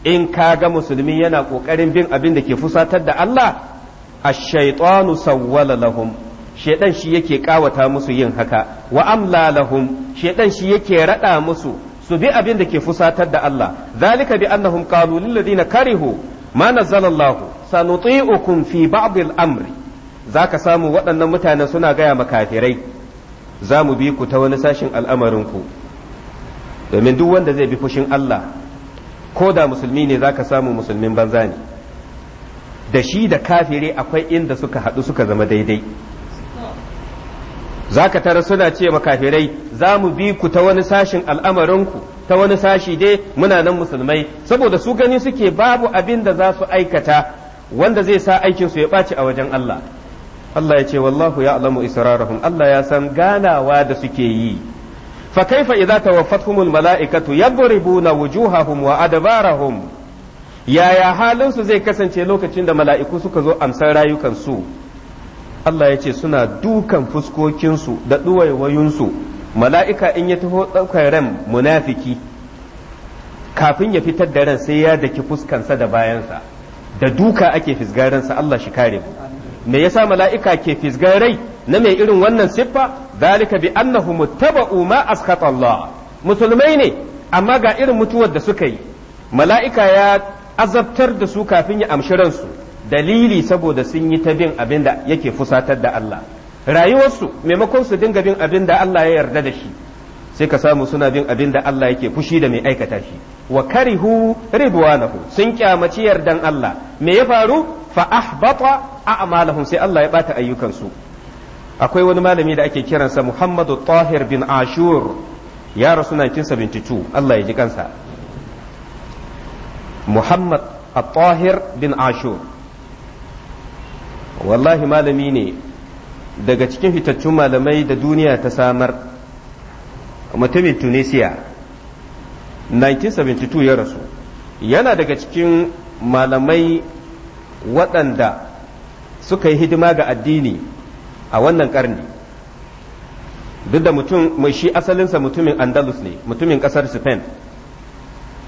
in ka ga musulmi yana ƙoƙarin bin abin da ke fusatar da Allah ash-shaytanu sawwala lahum shedan shi yake kawata musu yin haka wa amla lahum shedan shi yake rada musu su bi abin da ke fusatar da Allah zalika bi annahum qalu lil ladina karihu ma nazzala Allah sanuti'ukum fi ba'd al-amri za ka samu waɗannan mutanen suna gaya makafirai za mu bi ku ta wani sashin al'amarinku domin duk wanda zai bi fushin Allah ko da musulmi ne za ka samu musulmin banza ne da shi da kafiri akwai inda suka haɗu suka zama daidai za ka tara suna ce makafirai za mu bi ku ta wani sashin al'amarinku ta wani sashi dai muna nan musulmai saboda su gani suke babu abin da za su aikata wanda zai sa aikinsu ya ɓaci a wajen Allah Allah ya ce wallahu ya'lamu israrahum Allah ya san ganawa da suke yi fa kaifa idza tawaffatuhumul mala'ikatu yadribuna wujuhahum wa adbarahum yaya halin su zai kasance lokacin da mala'iku suka zo amsar rayukan su Allah ya ce suna dukan fuskokinsu da duwaiwayunsu mala'ika in ya taho ɗaukar ran munafiki kafin ya fitar da ran sai ya daki fuskansa da bayansa da duka ake fisgaransa Allah shi kare mu me yasa mala'ika ke fisgan rai na mai irin wannan siffa zalika bi annahu muttaba'u ma askata Allah musulmai ne amma ga irin mutuwar da suka yi mala'ika ya azabtar da su kafin ya amshi ransu dalili saboda sun yi ta bin abin da yake fusatar da Allah rayuwarsu maimakon su dinga bin abin da Allah ya yarda da shi sai ka samu suna bin abin da Allah yake fushi da mai aikata shi wa karihu ridwanahu sun kyamaci yardan Allah me ya faru fa a'a a'malahum sai Allah ya bata ayyukansu akwai wani malami da ake kiransa Muhammadu Tahir bin Ashur ya rasu 1972 Allah ya ji kansa Muhammad At-Tahir bin Ashur wallahi malami ne daga cikin fitaccun malamai da duniya ta samar mutumin Tunisia 1972 ya rasu yana daga cikin malamai waɗanda suka yi hidima ga addini a wannan ƙarni duk da mutum mai shi asalinsa mutumin andalus ne mutumin ƙasar spain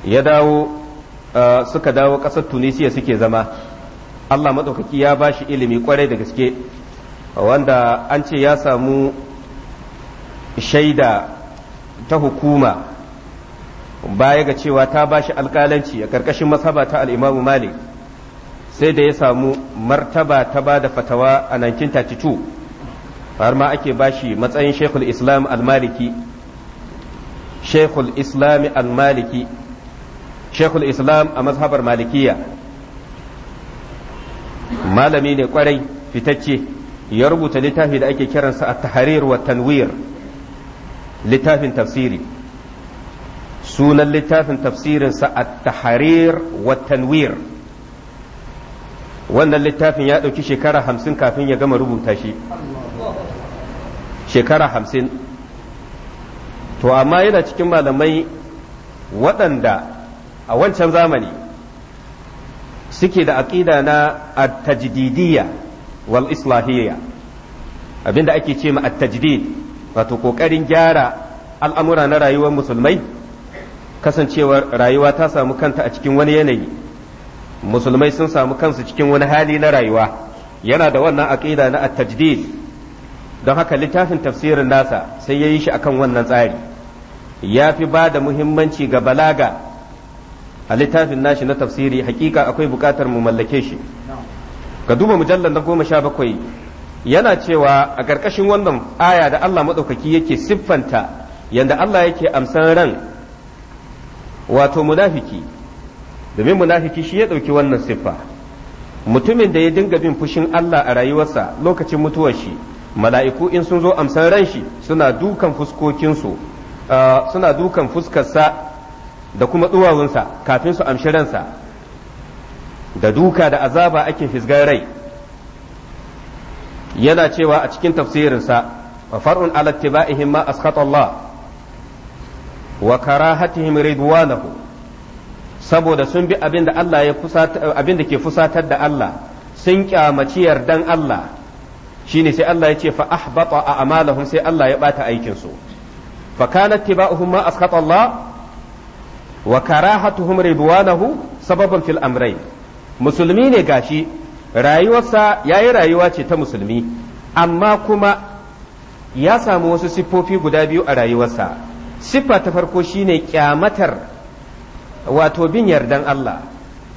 ya dawo uh, suka dawo ƙasar tunisiya suke zama allah maɗaukaki ya ba shi ilimi kwarai da gaske wanda an ce ya samu shaida ta hukuma baya ga cewa ta ba shi alƙalanci a ƙarƙashin masaba ta al'imamu malik sai da ya samu martaba ta ba da fatawa a 1932 har ma ake bashi matsayin shekul islam al-maliki shekul islam al-maliki shekul islam a mazhabar malikiya malami ne kwarai fitacce ya rubuta littafi da ake kiransa a taharir wa tanwir littafin tafsiri sunan littafin tafsirinsa a taharir wa tanwir wannan littafin ya ɗauki shekara hamsin kafin ya gama rubuta shi shekara hamsin to amma yana cikin malamai waɗanda a wancan zamani suke da aƙida na attajdidiyya wal islahiyya abinda ake ce ma attajdid wato ƙoƙarin gyara al'amura na rayuwar musulmai kasancewar rayuwa ta samu kanta a cikin wani yanayi musulmai sun samu kansu cikin wani hali na rayuwa yana da wannan aqida na at-tajdid don haka littafin tafsirin nasa sai ya yi shi akan wannan tsari ya fi ba da muhimmanci ga balaga a littafin nashi na tafsiri hakika akwai bukatar mu mallake shi ga duba mujallar na goma sha bakwai yana cewa a ƙarƙashin wannan aya da Allah maɗaukaki yake siffanta yadda Allah yake amsan ran wato munafiki domin munafiki shi ya ɗauki wannan siffa mutumin da ya dinga bin fushin Allah a rayuwarsa lokacin mutuwar shi mala'iku in sun zo amsan ran shi suna dukan fuskokinsu uh, suna dukan fuskarsa da kuma duwawunsa kafin su amshi ransa da duka da azaba ake fisgar rai yana cewa a cikin tafsirinsa wa far'un ala tiba'ihim ma askhata Allah wa karahatihim ridwanahu saboda sun bi abin da Allah ya abin da ke fusatar da Allah sun kyamaci yardan Allah shine sai Allah ya ce fa ahbata a amalahum sai Allah ya bata aikin su fa kana tiba'uhum ma asqata Allah wa karahatuhum ridwanahu sababan fil amrayn musulmi ne gashi rayuwarsa yayi rayuwa ce ta musulmi amma kuma ya samu wasu siffofi guda biyu a rayuwarsa siffa ta farko shine kyamatar wato bin yardan Allah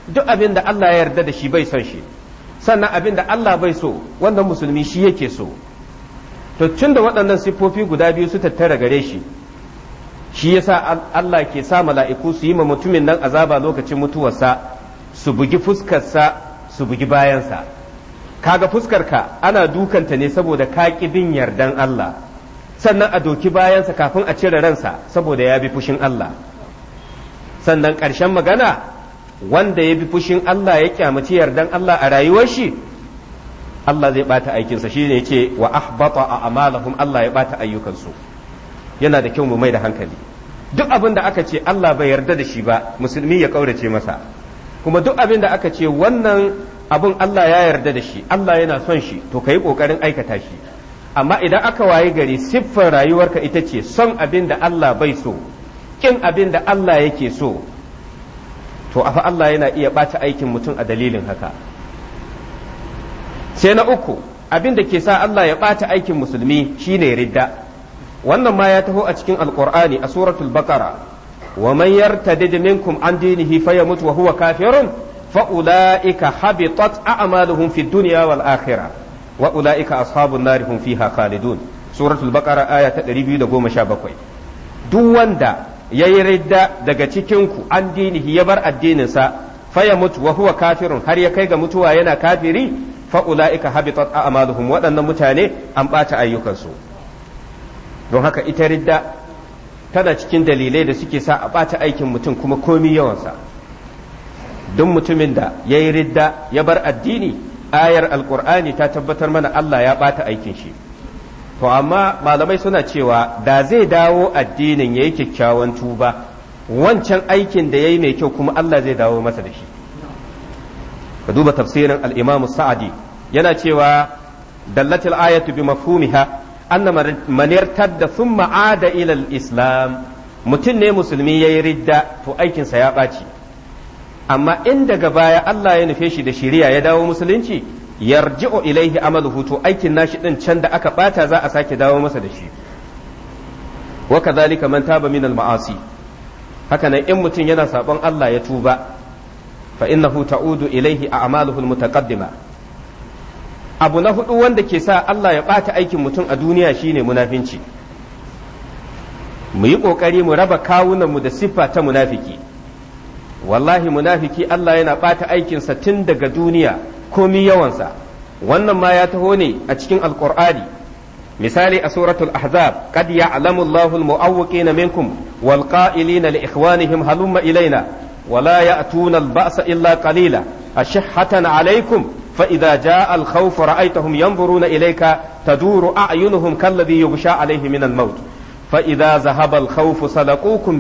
duk abin da Allah ya yarda da shi bai son shi sannan abin da Allah bai so wanda musulmi shi yake so to tun da waɗannan siffofi guda biyu su tattara gare shi shi yasa Allah ke sa mala'iku su yi ma mutumin nan azaba lokacin mutuwarsa su bugi fuskarsa su bugi bayansa kaga fuskarka ana dukanta ne saboda ka ƙi bin yardan Allah sannan a doki bayansa kafin a cire ransa saboda ya bi fushin Allah sannan ƙarshen magana wanda ya bi fushin Allah ya kyamaci yardan Allah a rayuwar shi Allah zai bata aikinsa shi ne ce wa ahbata a amalahum Allah ya bata ayyukansu yana da kyau mu mai da hankali duk abin da aka ce Allah bai yarda da shi ba musulmi ya kaurace masa kuma duk abin da aka ce wannan abin Allah ya yarda da shi Allah yana son shi to kayi kokarin ƙoƙarin aikata shi amma idan aka waye gari siffar rayuwarka ita ce son abin da Allah bai so kin abin da Allah yake so to afa Allah yana iya ɓata aikin mutum a dalilin haka sai na uku abin da ke sa Allah ya ɓata aikin musulmi shine ridda wannan ma ya taho a cikin alkur'ani a suratul baqara wa man yartadid minkum an dinihi fayamut wa huwa kafirun fa ulaika habitat a'maluhum fid dunya wal akhirah wa ulaika ashabun nar hum fiha khalidun suratul baqara aya ta 217 duk wanda ya yi ridda daga cikinku an dinihi ya bar addininsa faya mutu wa huwa kafirun har ya kai ga mutuwa yana kafiri fa ula'ika habitat a'maluhum waɗannan mutane an ɓata ayyukansu don haka ita ridda tana cikin dalilai da suke sa a ɓata aikin mutum kuma komi yawansa Don mutumin da ya yi ridda ya bar addini ayar alkur'ani ta tabbatar mana Allah ya ɓata aikin shi to amma malamai suna cewa da zai dawo addinin yayi kyakkyawan tuba wancan aikin da yayi mai kyau kuma Allah zai dawo masa da shi ka duba tafsirin al-Imam yana cewa dallatil ayatu bi mafhumiha anna man yartadda thumma ada ila al-islam mutum ne musulmi yayi ridda to aikinsa ya ɓaci amma in daga baya Allah ya nufe shi da shiriya ya dawo musulunci yarji'u ilaihi amaluhu to aikin nashi din can da aka bata za a sake dawo masa da shi wa kadhalika man taba min al-ma'asi haka nan in mutum yana sabon Allah ya tuba fa innahu ta'udu ilaihi a'maluhu mutaqaddima abu na hudu wanda ke sa Allah ya bata aikin mutum a duniya shine munafinci mu yi kokari mu raba kawunan mu da siffa ta munafiki wallahi munafiki Allah yana bata aikinsa tun daga duniya komi yawansa wannan ma ya taho ne a cikin alkur'ani misali a suratul ahzab qad ya'lamu allahul minkum wal li ikhwanihim halumma ilayna wala ya'tuna illa qalila ashhatan alaykum fa idza ja'a al khawfu ra'aytahum taduru a'yunuhum kalladhi yughsha alayhi min maut fa idza zahaba al khawfu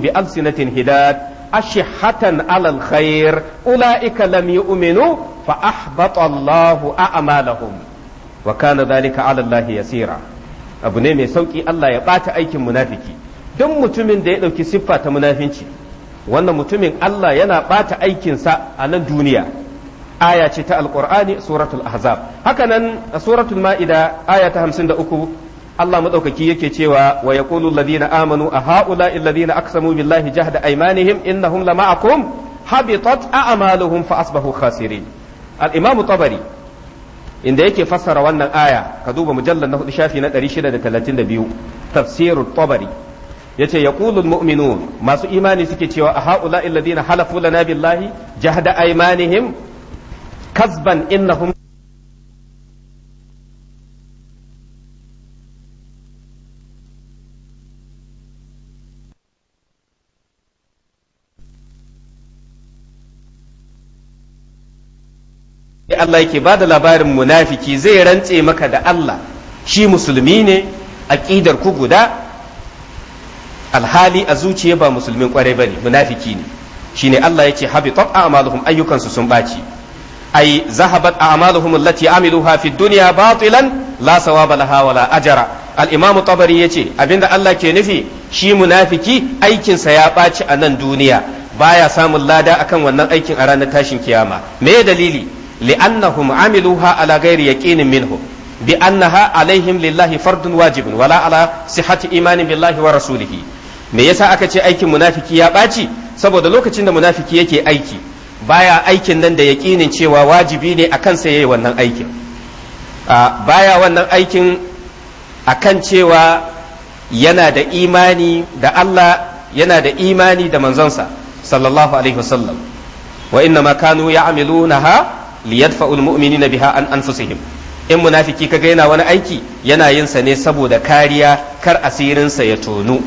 bi alsinatin hidad ashhatan al khair ulaika lam yu'minu fa ahbata Allahu a'malahum wa kana dhalika 'ala yasira abu ne mai sauki Allah ya bata aikin munafiki duk mutumin da ya dauki siffa ta munafinci wannan mutumin Allah yana bata aikinsa a nan duniya aya ce ta suratul ahzab hakanan a suratul ma'ida aya ta 53 Allah madaukaki yake cewa wa yaqulu amanu a haula billahi innahum habitat fa asbahu khasirin al-imamu tabari inda yake fassara wannan aya ka duba mujallar na hudu shafi na 632 tafsiru tabari yace yaqulu al-mu'minun masu imani suke cewa a haula alladhina halafu lana billahi jahda aymanihim kasban innahum haka Allah yake ba da labarin munafiki zai rantse maka da Allah shi musulmi ne aƙidar ku guda alhali a zuciya ba musulmin kwarai ba ne munafiki ne ne Allah yake habitat a'maluhum ayyukansu sun ɓaci ai zahabat a'maluhum allati amiluha fi dunya batilan la sawaba laha wala ajra al-imamu tabari yace abinda Allah ke nufi shi munafiki aikinsa ya ɓaci a nan duniya baya samun lada akan wannan aikin a ranar tashin kiyama me dalili li'annahum amiluha ala ghairi yaƙinin minhu bi annaha alaihim lillahi fardun wajibin wala ala sihhati imanin billahi wa rasulihi me yasa aka ce aikin munafiki ya ɓaci saboda lokacin da munafiki yake aiki baya aikin nan da yaƙinin cewa wajibi ne a kansa wannan aikin baya wannan aikin a kan cewa yana da imani da Allah yana da imani da manzonsa sallallahu alaihi wasallam wa inna amilu na ha. liyadfa'ul mu'minina biha an anfusihim in munafiki kaga yana wani aiki yana yin sa ne saboda kariya kar asirin sa ya tonu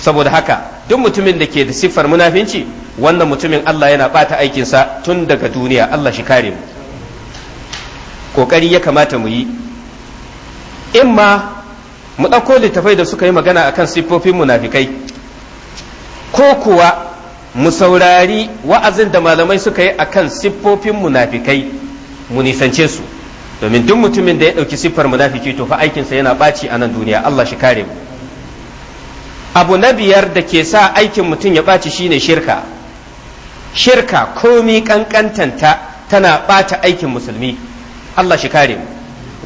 saboda haka duk mutumin da ke da siffar munafinci wannan mutumin Allah yana bata aikinsa tun daga duniya Allah shi kare mu kokari ya kamata mu yi in ma mu ɗauko littafai da suka yi magana akan siffofin munafikai ko kuwa mu saurari wa'azin da malamai suka yi akan siffofin munafikai mu nisance su domin duk mutumin da ya ɗauki siffar munafiki to fa aikinsa yana ɓaci a nan duniya Allah shi kare mu abu na biyar da ke sa aikin mutum ya ɓaci shine shirka shirka komi ƙanƙantanta tana ɓata aikin musulmi Allah shi kare mu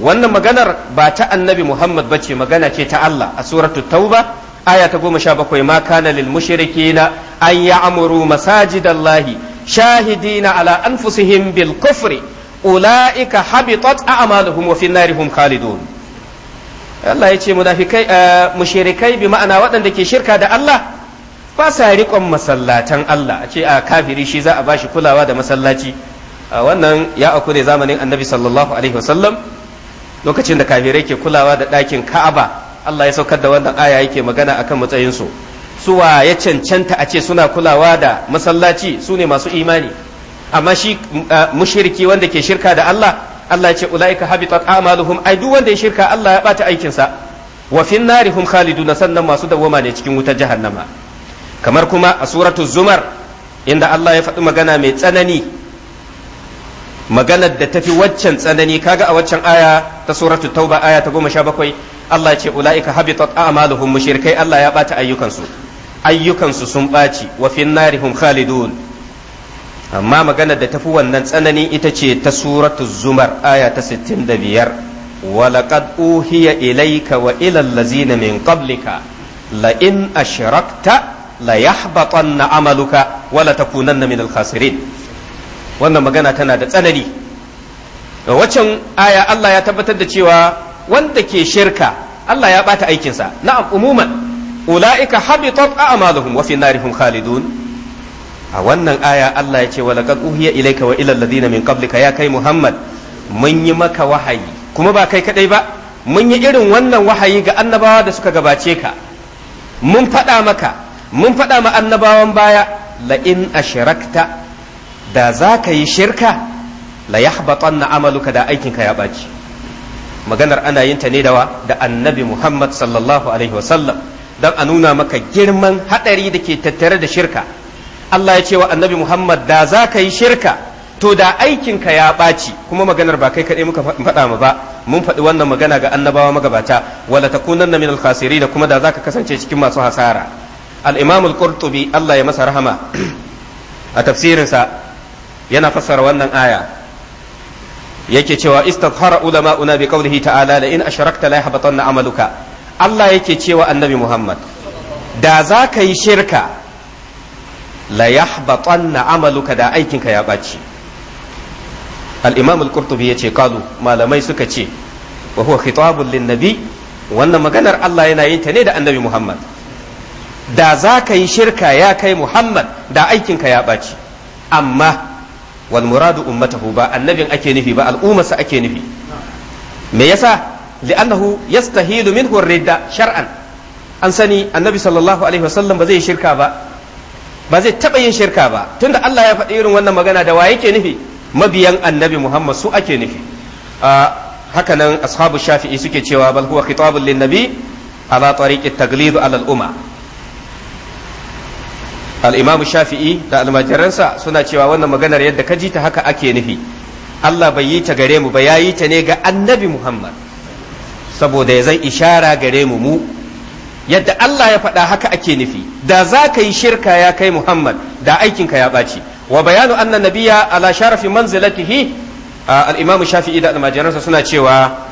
wannan maganar ba ta annabi Muhammad ba ce magana ce ta Allah a suratul tauba aya ta goma sha bakwai ma kana lil mushrikina an amuru masajidallahi shahidina ala anfusihim bil kufri ula'ika habitat a'maluhum wa fin narihum khalidun Allah ya ce eh, mushrikai bi ma'ana waɗanda ke shirka da Allah ba sa riƙon masallatan Allah a ce a kafiri shi za a bashi kulawa da masallaci wannan ya aku ne zamanin annabi sallallahu alaihi wasallam lokacin da kafirai ke kulawa da ɗakin Ka'aba Allah ya saukar da wannan aya yake magana akan matsayin su suwa ya cancanta a ce suna kulawa da masallaci su ne masu imani amma shi uh, mushriki wanda ke shirka da Allah Allah ya ce ulaika habitat amaluhum ai duk wanda ya shirka Allah ya bata aikin sa wa fin narihum khaliduna sannan masu dawwama ne cikin wutar jahannama kamar kuma a suratul zumar inda Allah ya faɗi magana mai tsanani maganar da tafi waccan tsanani kaga a waccan aya ta suratul tauba aya ta goma sha bakwai Allah ya ce ulaika habitat amaluhum mushrikai Allah ya bata ayyukansu ayyukansu sun baci wa fin narihum khalidun amma maganar da tafi wannan tsanani ita ce ta suratu zumar aya ta 65 walaqad uhiya ilayka wa ilal ladzina min qablika la in ashrakta la yahbatanna amaluka wa la takunanna minal khasirin wannan magana tana da tsanani waccan aya Allah ya tabbatar da cewa wanda ke shirka Allah ya bata aikinsa na'am umuman ula'ika habitat a'maluhum wa fi narihim khalidun a wannan aya Allah ya ce wa laqad uhiya ilayka wa ilal ladina min qablika ya kai Muhammad mun yi maka wahayi kuma ba kai kadai ba mun yi irin wannan wahayi ga annabawa da suka gabace ka mun faɗa maka mun faɗa ma annabawan baya la in ashrakta da za ka yi shirka la yahbatanna amaluka da aikinka ya baci maganar ana yin ta ne da da annabi Muhammad sallallahu alaihi wasallam don a nuna maka girman hadari da ke tattare da shirka Allah ya ce wa annabi Muhammad da za ka yi shirka to da aikinka ya ɓaci kuma maganar ba kai kaɗai muka faɗa mu ba mun faɗi wannan magana ga annabawa magabata wala ta na min al da kuma da za ka kasance cikin masu hasara al-imam al Allah ya masa rahama a tafsirinsa yana fassara wannan aya yake cewa ulama una bi qawlihi ta'ala la in ashrakta la yahbatanna amaluka Allah yake cewa annabi Muhammad da za ka yi shirka la yahbatanna amaluka da aikinka ya ɓaci al-imam al-qurtubi ce kalu malamai suka ce wa huwa khitabun lin-nabi wannan maganar Allah yana yin ta ne da annabi Muhammad da za ka yi shirka ya kai Muhammad da aikinka ya ɓaci amma wal muradu ummatahu ba annabin ake nufi ba al'ummarsa ake nufi me yasa li'annahu yastahilu minhu ridda shar'an an sani annabi sallallahu alaihi wasallam ba zai shirka ba ba zai taɓa yin shirka ba tunda Allah ya faɗi irin wannan magana da wa yake nufi mabiyan annabi Muhammad su ake nufi ah, haka nan ashabu shafi'i suke cewa bal huwa khitabun lin nabi ala tariqi taglid ala al umma al imam shafi'i da almajiransa suna cewa wannan maganar yadda ka ta haka ake nufi Allah bai yi ta gare mu ba yayi ta ne ga annabi Muhammad saboda ya zai ishara gare mu mu yadda Allah ya faɗa haka ake nufi da za ka yi shirka ya kai Muhammad da aikinka ya ɓaci wa bayanu anna nabiya ala sharafi manzilatihi al-imamu shafi'i da almajiransa suna cewa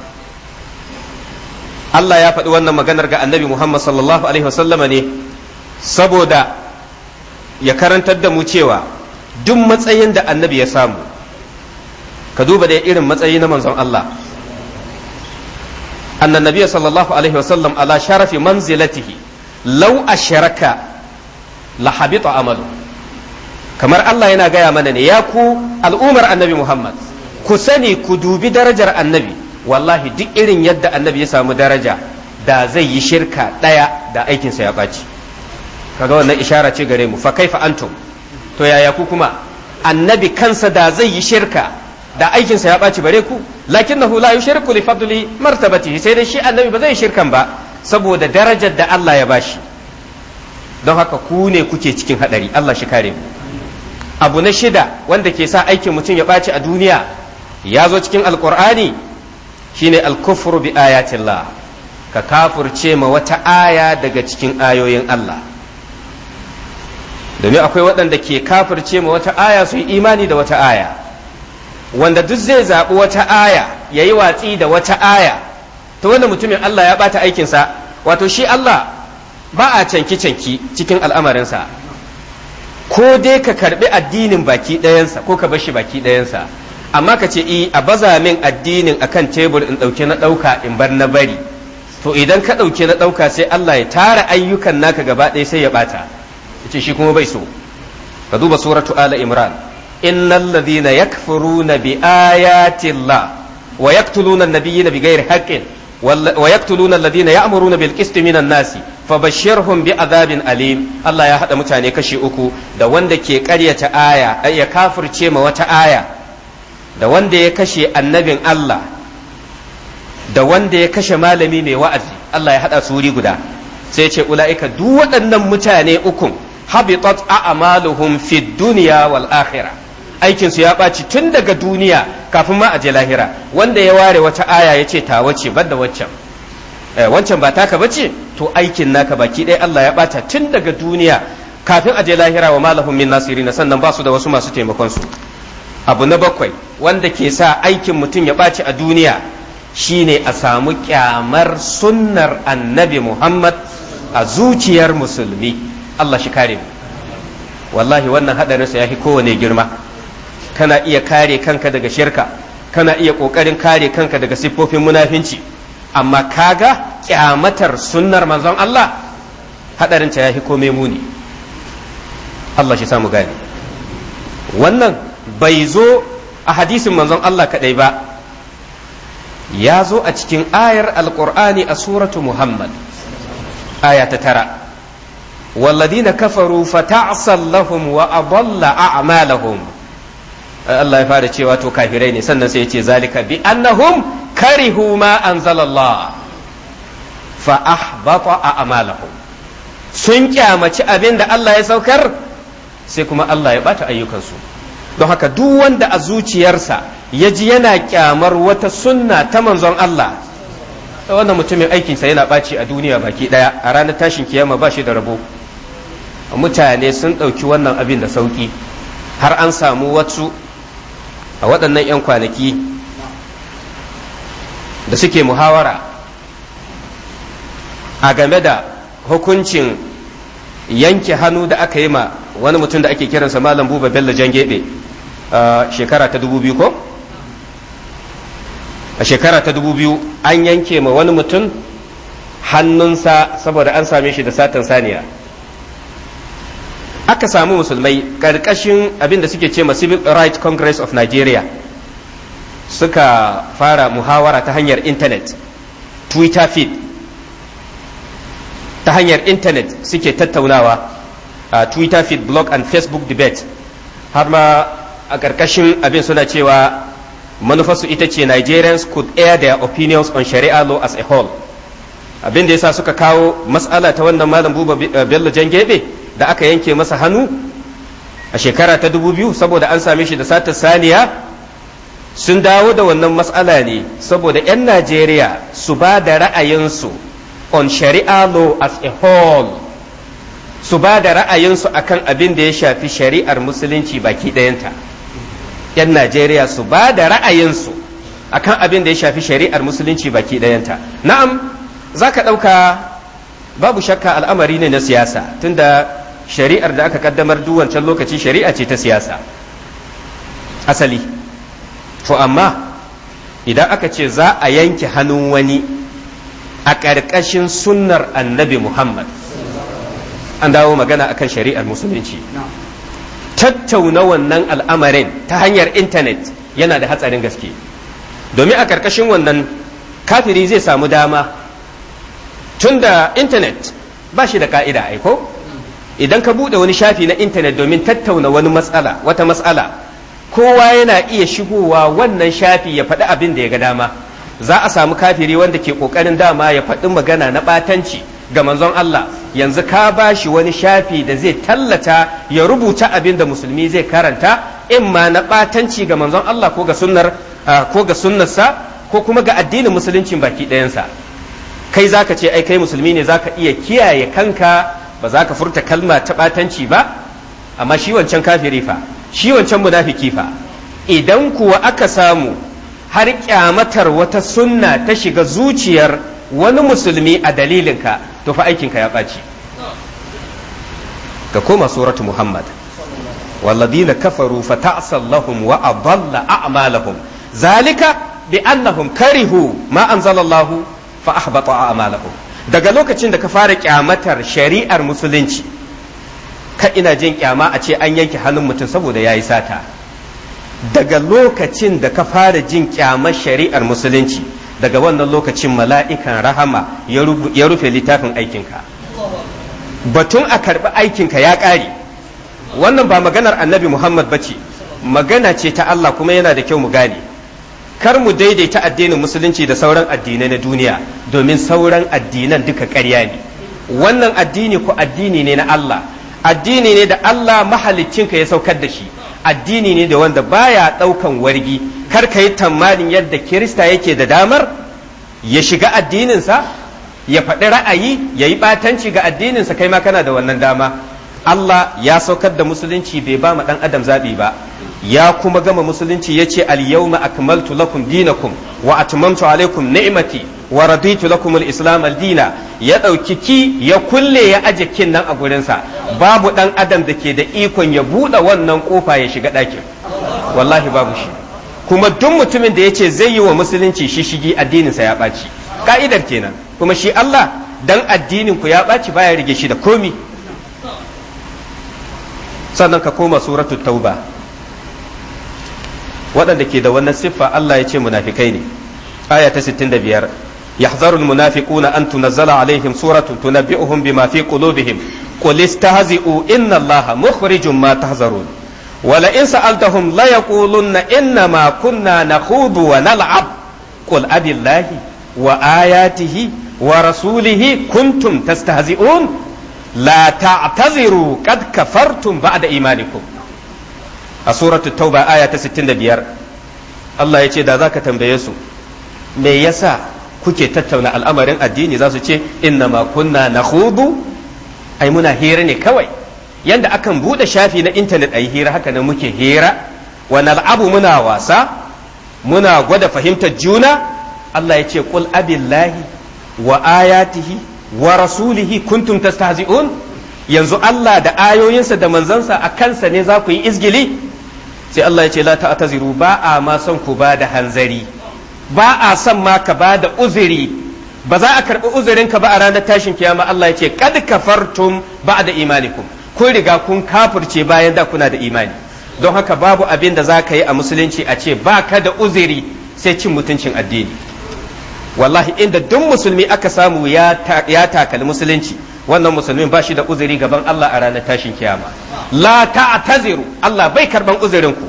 Allah ya faɗi wannan maganar ga annabi Muhammad sallallahu alaihi wasallama ne saboda ya karantar da mu cewa duk matsayin da annabi ya samu ka duba da irin matsayi na manzon Allah annan sallallahu alaihi wasallam ala sharafi manzilatihi law asharaka la habita amalu kamar Allah yana gaya mana ne ya ku al'ummar annabi Muhammad ku sani ku dubi darajar annabi wallahi duk irin yadda annabi ya samu daraja da zai yi shirka ɗaya da aikinsa ya ɓaci kaga wannan ishara ce gare mu fa kaifa antum to yaya ku kuma annabi kansa da zai yi shirka da aikinsa ya ɓaci bare ku nahu la yushriku li fadli martabatihi sai dai shi annabi ba zai shirkan ba saboda darajar da Allah ya bashi don haka ku ne kuke cikin hadari Allah shi kare mu abu na shida wanda ke sa aikin mutum ya ɓaci a duniya ya zo cikin alkur'ani shine alkufru bi ayatillah ka kafurce ma wata aya daga cikin ayoyin Allah domin akwai waɗanda ke kafirce ma wata aya su yi imani da wata aya wanda duk zai zaɓi wata aya ya yi watsi da wata aya ta wanda mutumin Allah ya ɓata aikinsa wato shi Allah ba a canki-canki cikin al'amarinsa ko dai ka karɓi addinin baki ɗayansa ko ka bar shi baki ɗayansa amma ka ce i eh, a baza min addinin akan tebur in ɗauke na ɗauka in bar na bari to idan ka ɗauke na ɗauka sai Allah ya tara ayyukan naka gaba ɗaya sai ya ɓata ya shi kuma bai so ka duba suratu ala imran innal ladhina yakfuruna bi ayati Allah wa yaqtuluna an-nabiyina bighairi haqqin wa yaqtuluna alladhina ya'muruna bil qisti minan nasi fabashshirhum bi adhabin alim Allah ya hada mutane kashi uku da wanda aya ya kafirce ma wata aya da wanda ya kashe annabin Allah da wanda ya kashe malami mai wa'azi Allah ya haɗa suri guda sai ce ula'ika duk waɗannan mutane ukun habitat a'maluhum fid wal akhira aikinsu ya ɓaci tun daga duniya kafin ma a je lahira wanda ya ware wata aya ya ce wace ce da waccan eh, wancan ba taka bace to aikin naka baki ɗaya Allah ya ɓata tun daga duniya kafin a je lahira wa malahum min na sannan ba su da wasu masu taimakon su abu na bakwai wanda ke sa aikin mutum ya ɓaci a duniya shine a samu kyamar sunnar annabi Muhammad a zuciyar musulmi Allah shi kare wallahi wannan hadarinsa ya fi kowane girma kana iya kare kanka daga shirka kana iya ƙoƙarin kare kanka daga siffofin munafinci amma kaga kyamatar sunnar manzon Allah hadarin ta yafi komai muni Allah shi samu gani wannan bai zo a hadisin manzon Allah kaɗai ba ya zo a cikin ayar Alƙur'ani a suratu muhammad aya ta tara والذين كفروا فتعصى لهم وأضل أعمالهم Allah ya fara cewa to kafirai ne sannan sai ya ce zalika bi annahum karihu ma anzalallah fa ahbata a'malahum sun kyamaci abin da Allah ya saukar sai kuma Allah ya bata ayyukansu don haka duk wanda a zuciyarsa ya ji yana kyamar wata sunna ta manzon Allah wannan mutumin aikin sa yana baci a duniya baki ɗaya a ranar tashin kiyama ba shi da rabo mutane sun ɗauki wannan abin da sauki har an samu wasu a waɗannan 'yan kwanaki da suke muhawara a game da hukuncin yanke hannu da aka yi ma wani mutum da ake kiransa malam buba bello jangebe a shekara ta dubu biyu ko? a shekara ta dubu biyu an yanke ma wani mutum hannunsa saboda an same shi da satan saniya aka samu musulmai ƙarƙashin abin da suke ce ma civil rights congress of nigeria suka fara muhawara ta hanyar intanet twitter feed ta hanyar intanet suke tattaunawa a twitter feed blog and facebook debate har ma a ƙarƙashin abin suna cewa manufarsu ita ce nigerians could air their opinions on sharia law as a whole abin da yasa suka kawo matsala ta wannan malam buba bello jangebe da aka yanke masa hannu a shekara ta dubu biyu saboda an same shi da satar saniya sun dawo da wannan matsala ne saboda 'yan najeriya su ba da ra'ayinsu on shari'a law as a whole su ba da ra'ayinsu akan abin da ya shafi shari'ar musulunci baki ɗayanta 'yan najeriya su ba da ra'ayinsu akan abin da ya shafi shari'ar musulunci baki ɗayanta na'am za ka ɗauka babu shakka al'amari ne na siyasa tunda shari'ar da aka kaddamar duk wancan lokaci shari'a ce ta siyasa asali to amma idan aka ce za a yanke hannun wani a ƙarƙashin sunnar annabi muhammad an dawo magana akan shari'ar musulunci tattauna wannan al'amarin ta hanyar intanet yana da hatsarin gaske domin a ƙarƙashin wannan kafiri zai samu dama tunda intanet ba shi da ka'ida aiko idan ka buɗe wani shafi na intanet domin tattauna wani matsala wata matsala kowa yana iya shigowa wannan shafi ya faɗi abin da ya ga dama za a samu kafiri wanda ke ƙoƙarin dama ya faɗi magana na ɓatanci ga manzon Allah yanzu ka ba shi wani shafi da zai tallata ya rubuta abin da musulmi zai karanta in ma na ɓatanci ga manzon Allah ko ga sunnar ko ga sunnarsa ko kuma ga addinin musulunci baki ɗayansa kai zaka ce ai kai musulmi ne zaka iya kiyaye kanka ba za ka furta kalma ta ɓatanci ba amma shi wancan kafiri fa shi wancan munafiki fa idan kuwa aka samu har kyamatar wata sunna ta shiga zuciyar wani musulmi a dalilinka to fa aikinka ya ɓaci ka koma suratu muhammad والذين كفروا فتعسى لهم وأضل zalika ذلك بأنهم karihu ma anzalallahu fa فأحبط أعمالهم daga lokacin da ka fara kyamatar shari'ar musulunci ka ina jin kyama a ce an yanke hannun mutum saboda ya yi sata daga lokacin da ka fara jin kyamar shari'ar musulunci daga wannan lokacin mala'ikan rahama ya rufe littafin aikinka batun a karɓi aikinka ya ƙare wannan ba maganar annabi muhammad ba ce magana ce ta allah kuma yana da kyau mu gane kar mu daidaita addinin musulunci da sauran addinai na duniya domin sauran addinan duka ƙarya ne wannan addini ko addini ne na Allah addini ne da Allah mahalicin ka ya saukar da shi addini ne da wanda baya ɗaukan wargi kar ka yi tamanin yadda kirista yake da damar ya shiga addininsa ya faɗi ra'ayi ya yi ɓatanci ga addininsa kai ma kana da wannan dama Allah ya saukar da musulunci bai ba mu ɗan adam zaɓi ba ya kuma gama musulunci yace ce yawma akmaltu lakum dinakum wa atmamtu alaikum ni'mati wa raditu lakum al islam al ya ɗauki ki ya kulle ya aje kin nan a gurinsa babu dan adam da ke da ikon ya buɗe wannan kofa ya shiga ɗakin. wallahi babu shi kuma duk mutumin da ya ce zai yi wa musulunci shi shigi addinin ya ɓaci. ka'idar kenan kuma shi Allah dan addinin ku ya ɓaci baya rige shi da komi sannan ka koma suratu tauba waɗanda ke da wannan siffa Allah ya ce munafikai ne aya ta 65 yahzarul munafiquna an tunazzala alaihim suratun tunabbi'uhum bima fi qulubihim qul istahzi'u inna Allaha mukhrijum ma tahzarun wala in sa'altahum la yaqulunna inna ma kunna nakhudu wa nal'ab qul abillahi wa ayatihi wa rasulihi kuntum tastahzi'un la ta'taziru qad kafartum ba'da imanikum a suratul tauba aya ta 65 Allah ya ce da zaka tambaye su me yasa kuke tattauna al'amarin addini za su ce inna ma kunna hudu? ai muna hira ne kawai yanda akan bude shafi na intanet ayi hira haka nan muke hira wa al'abu muna wasa muna gwada fahimtar juna Allah ya ce qul abillahi wa ayatihi wa rasulihi kuntum tastahzi'un yanzu Allah da ayoyinsa da manzansa a kansa ne za ku yi izgili sai Allah ya ce la ta'taziru ba a ma son ku ba da hanzari ba a son ma ka ba da uzuri ba za a karbi ka ba a ranar tashin kiyama Allah ya ce kad kafartum da imanikum kun riga kun kafirce bayan da kuna da imani don haka babu abin da za ka yi a musulunci a ce ba ka da uzuri sai cin mutuncin addini wallahi inda duk musulmi aka samu ya takali musulunci wannan musulmin ba shi da uzuri gaban Allah a ranar tashin kiyama la ta'taziru Allah bai karban uzurin ku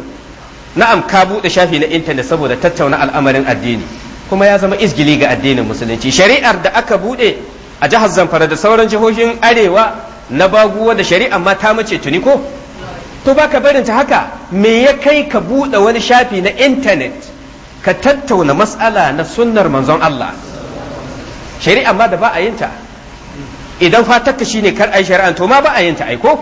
na'am ka bude shafi na intanet saboda tattauna al'amarin addini kuma ya zama izgili ga addinin musulunci shari'ar da aka bude a jihar Zamfara da sauran jihohin arewa na baguwa da shari'a ma ta mace tuni ko to baka barin ta haka me ya kai ka bude wani shafi na intanet ka tattauna mas'ala na sunnar manzon Allah shari'a ma da ba a yin ta idan fatarka ne kar a yi shari'a, to ma ba a yinta aiko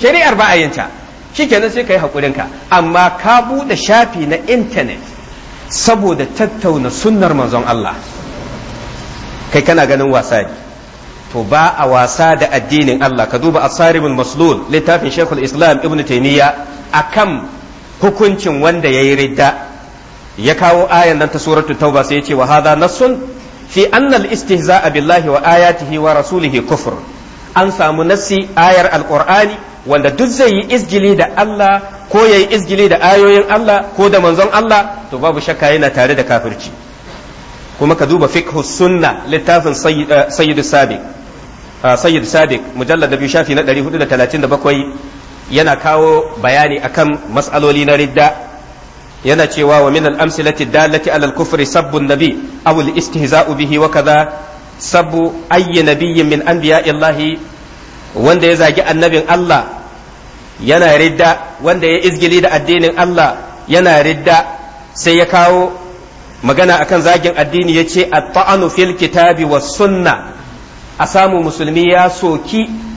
shari'ar ba a yinta kenan sai ka yi haƙurinka amma ka buɗe shafi na intanet saboda tattauna sunnar manzon Allah kai kana ganin wasa ne to ba a wasa da addinin Allah ka duba asarimul maslul littafin shekul islam ibn taymiya akan hukuncin wanda yayi ridda ya kawo ayan nan ta suratul tauba sai ya ce wa hadha nassun fi annal istihza'a billahi wa ayatihi wa rasulihi kufur an samu nassi ayar alqur'ani wanda duk zai yi izgili da Allah ko yayi izgili da ayoyin Allah ko da manzon Allah to babu shakka yana tare da kafirci kuma ka duba fiqh sunna littafin eh, sayyid sabiq ah, sayyid sabiq mujallad da shafi na 437 yana kawo bayani akan matsaloli na ridda yana cewa wa min al-amsilati dalati ala al-kufri sabbu nabi aw al-istihza'u bihi wa kaza sabbu ayyi nabiyyin min anbiya'i Allah wanda ya zagi annabin Allah yana ridda wanda ya izgili da addinin Allah yana ridda sai ya kawo magana akan zagin addini ya ce at-ta'anu fil kitabi was sunna a samu musulmi ya soki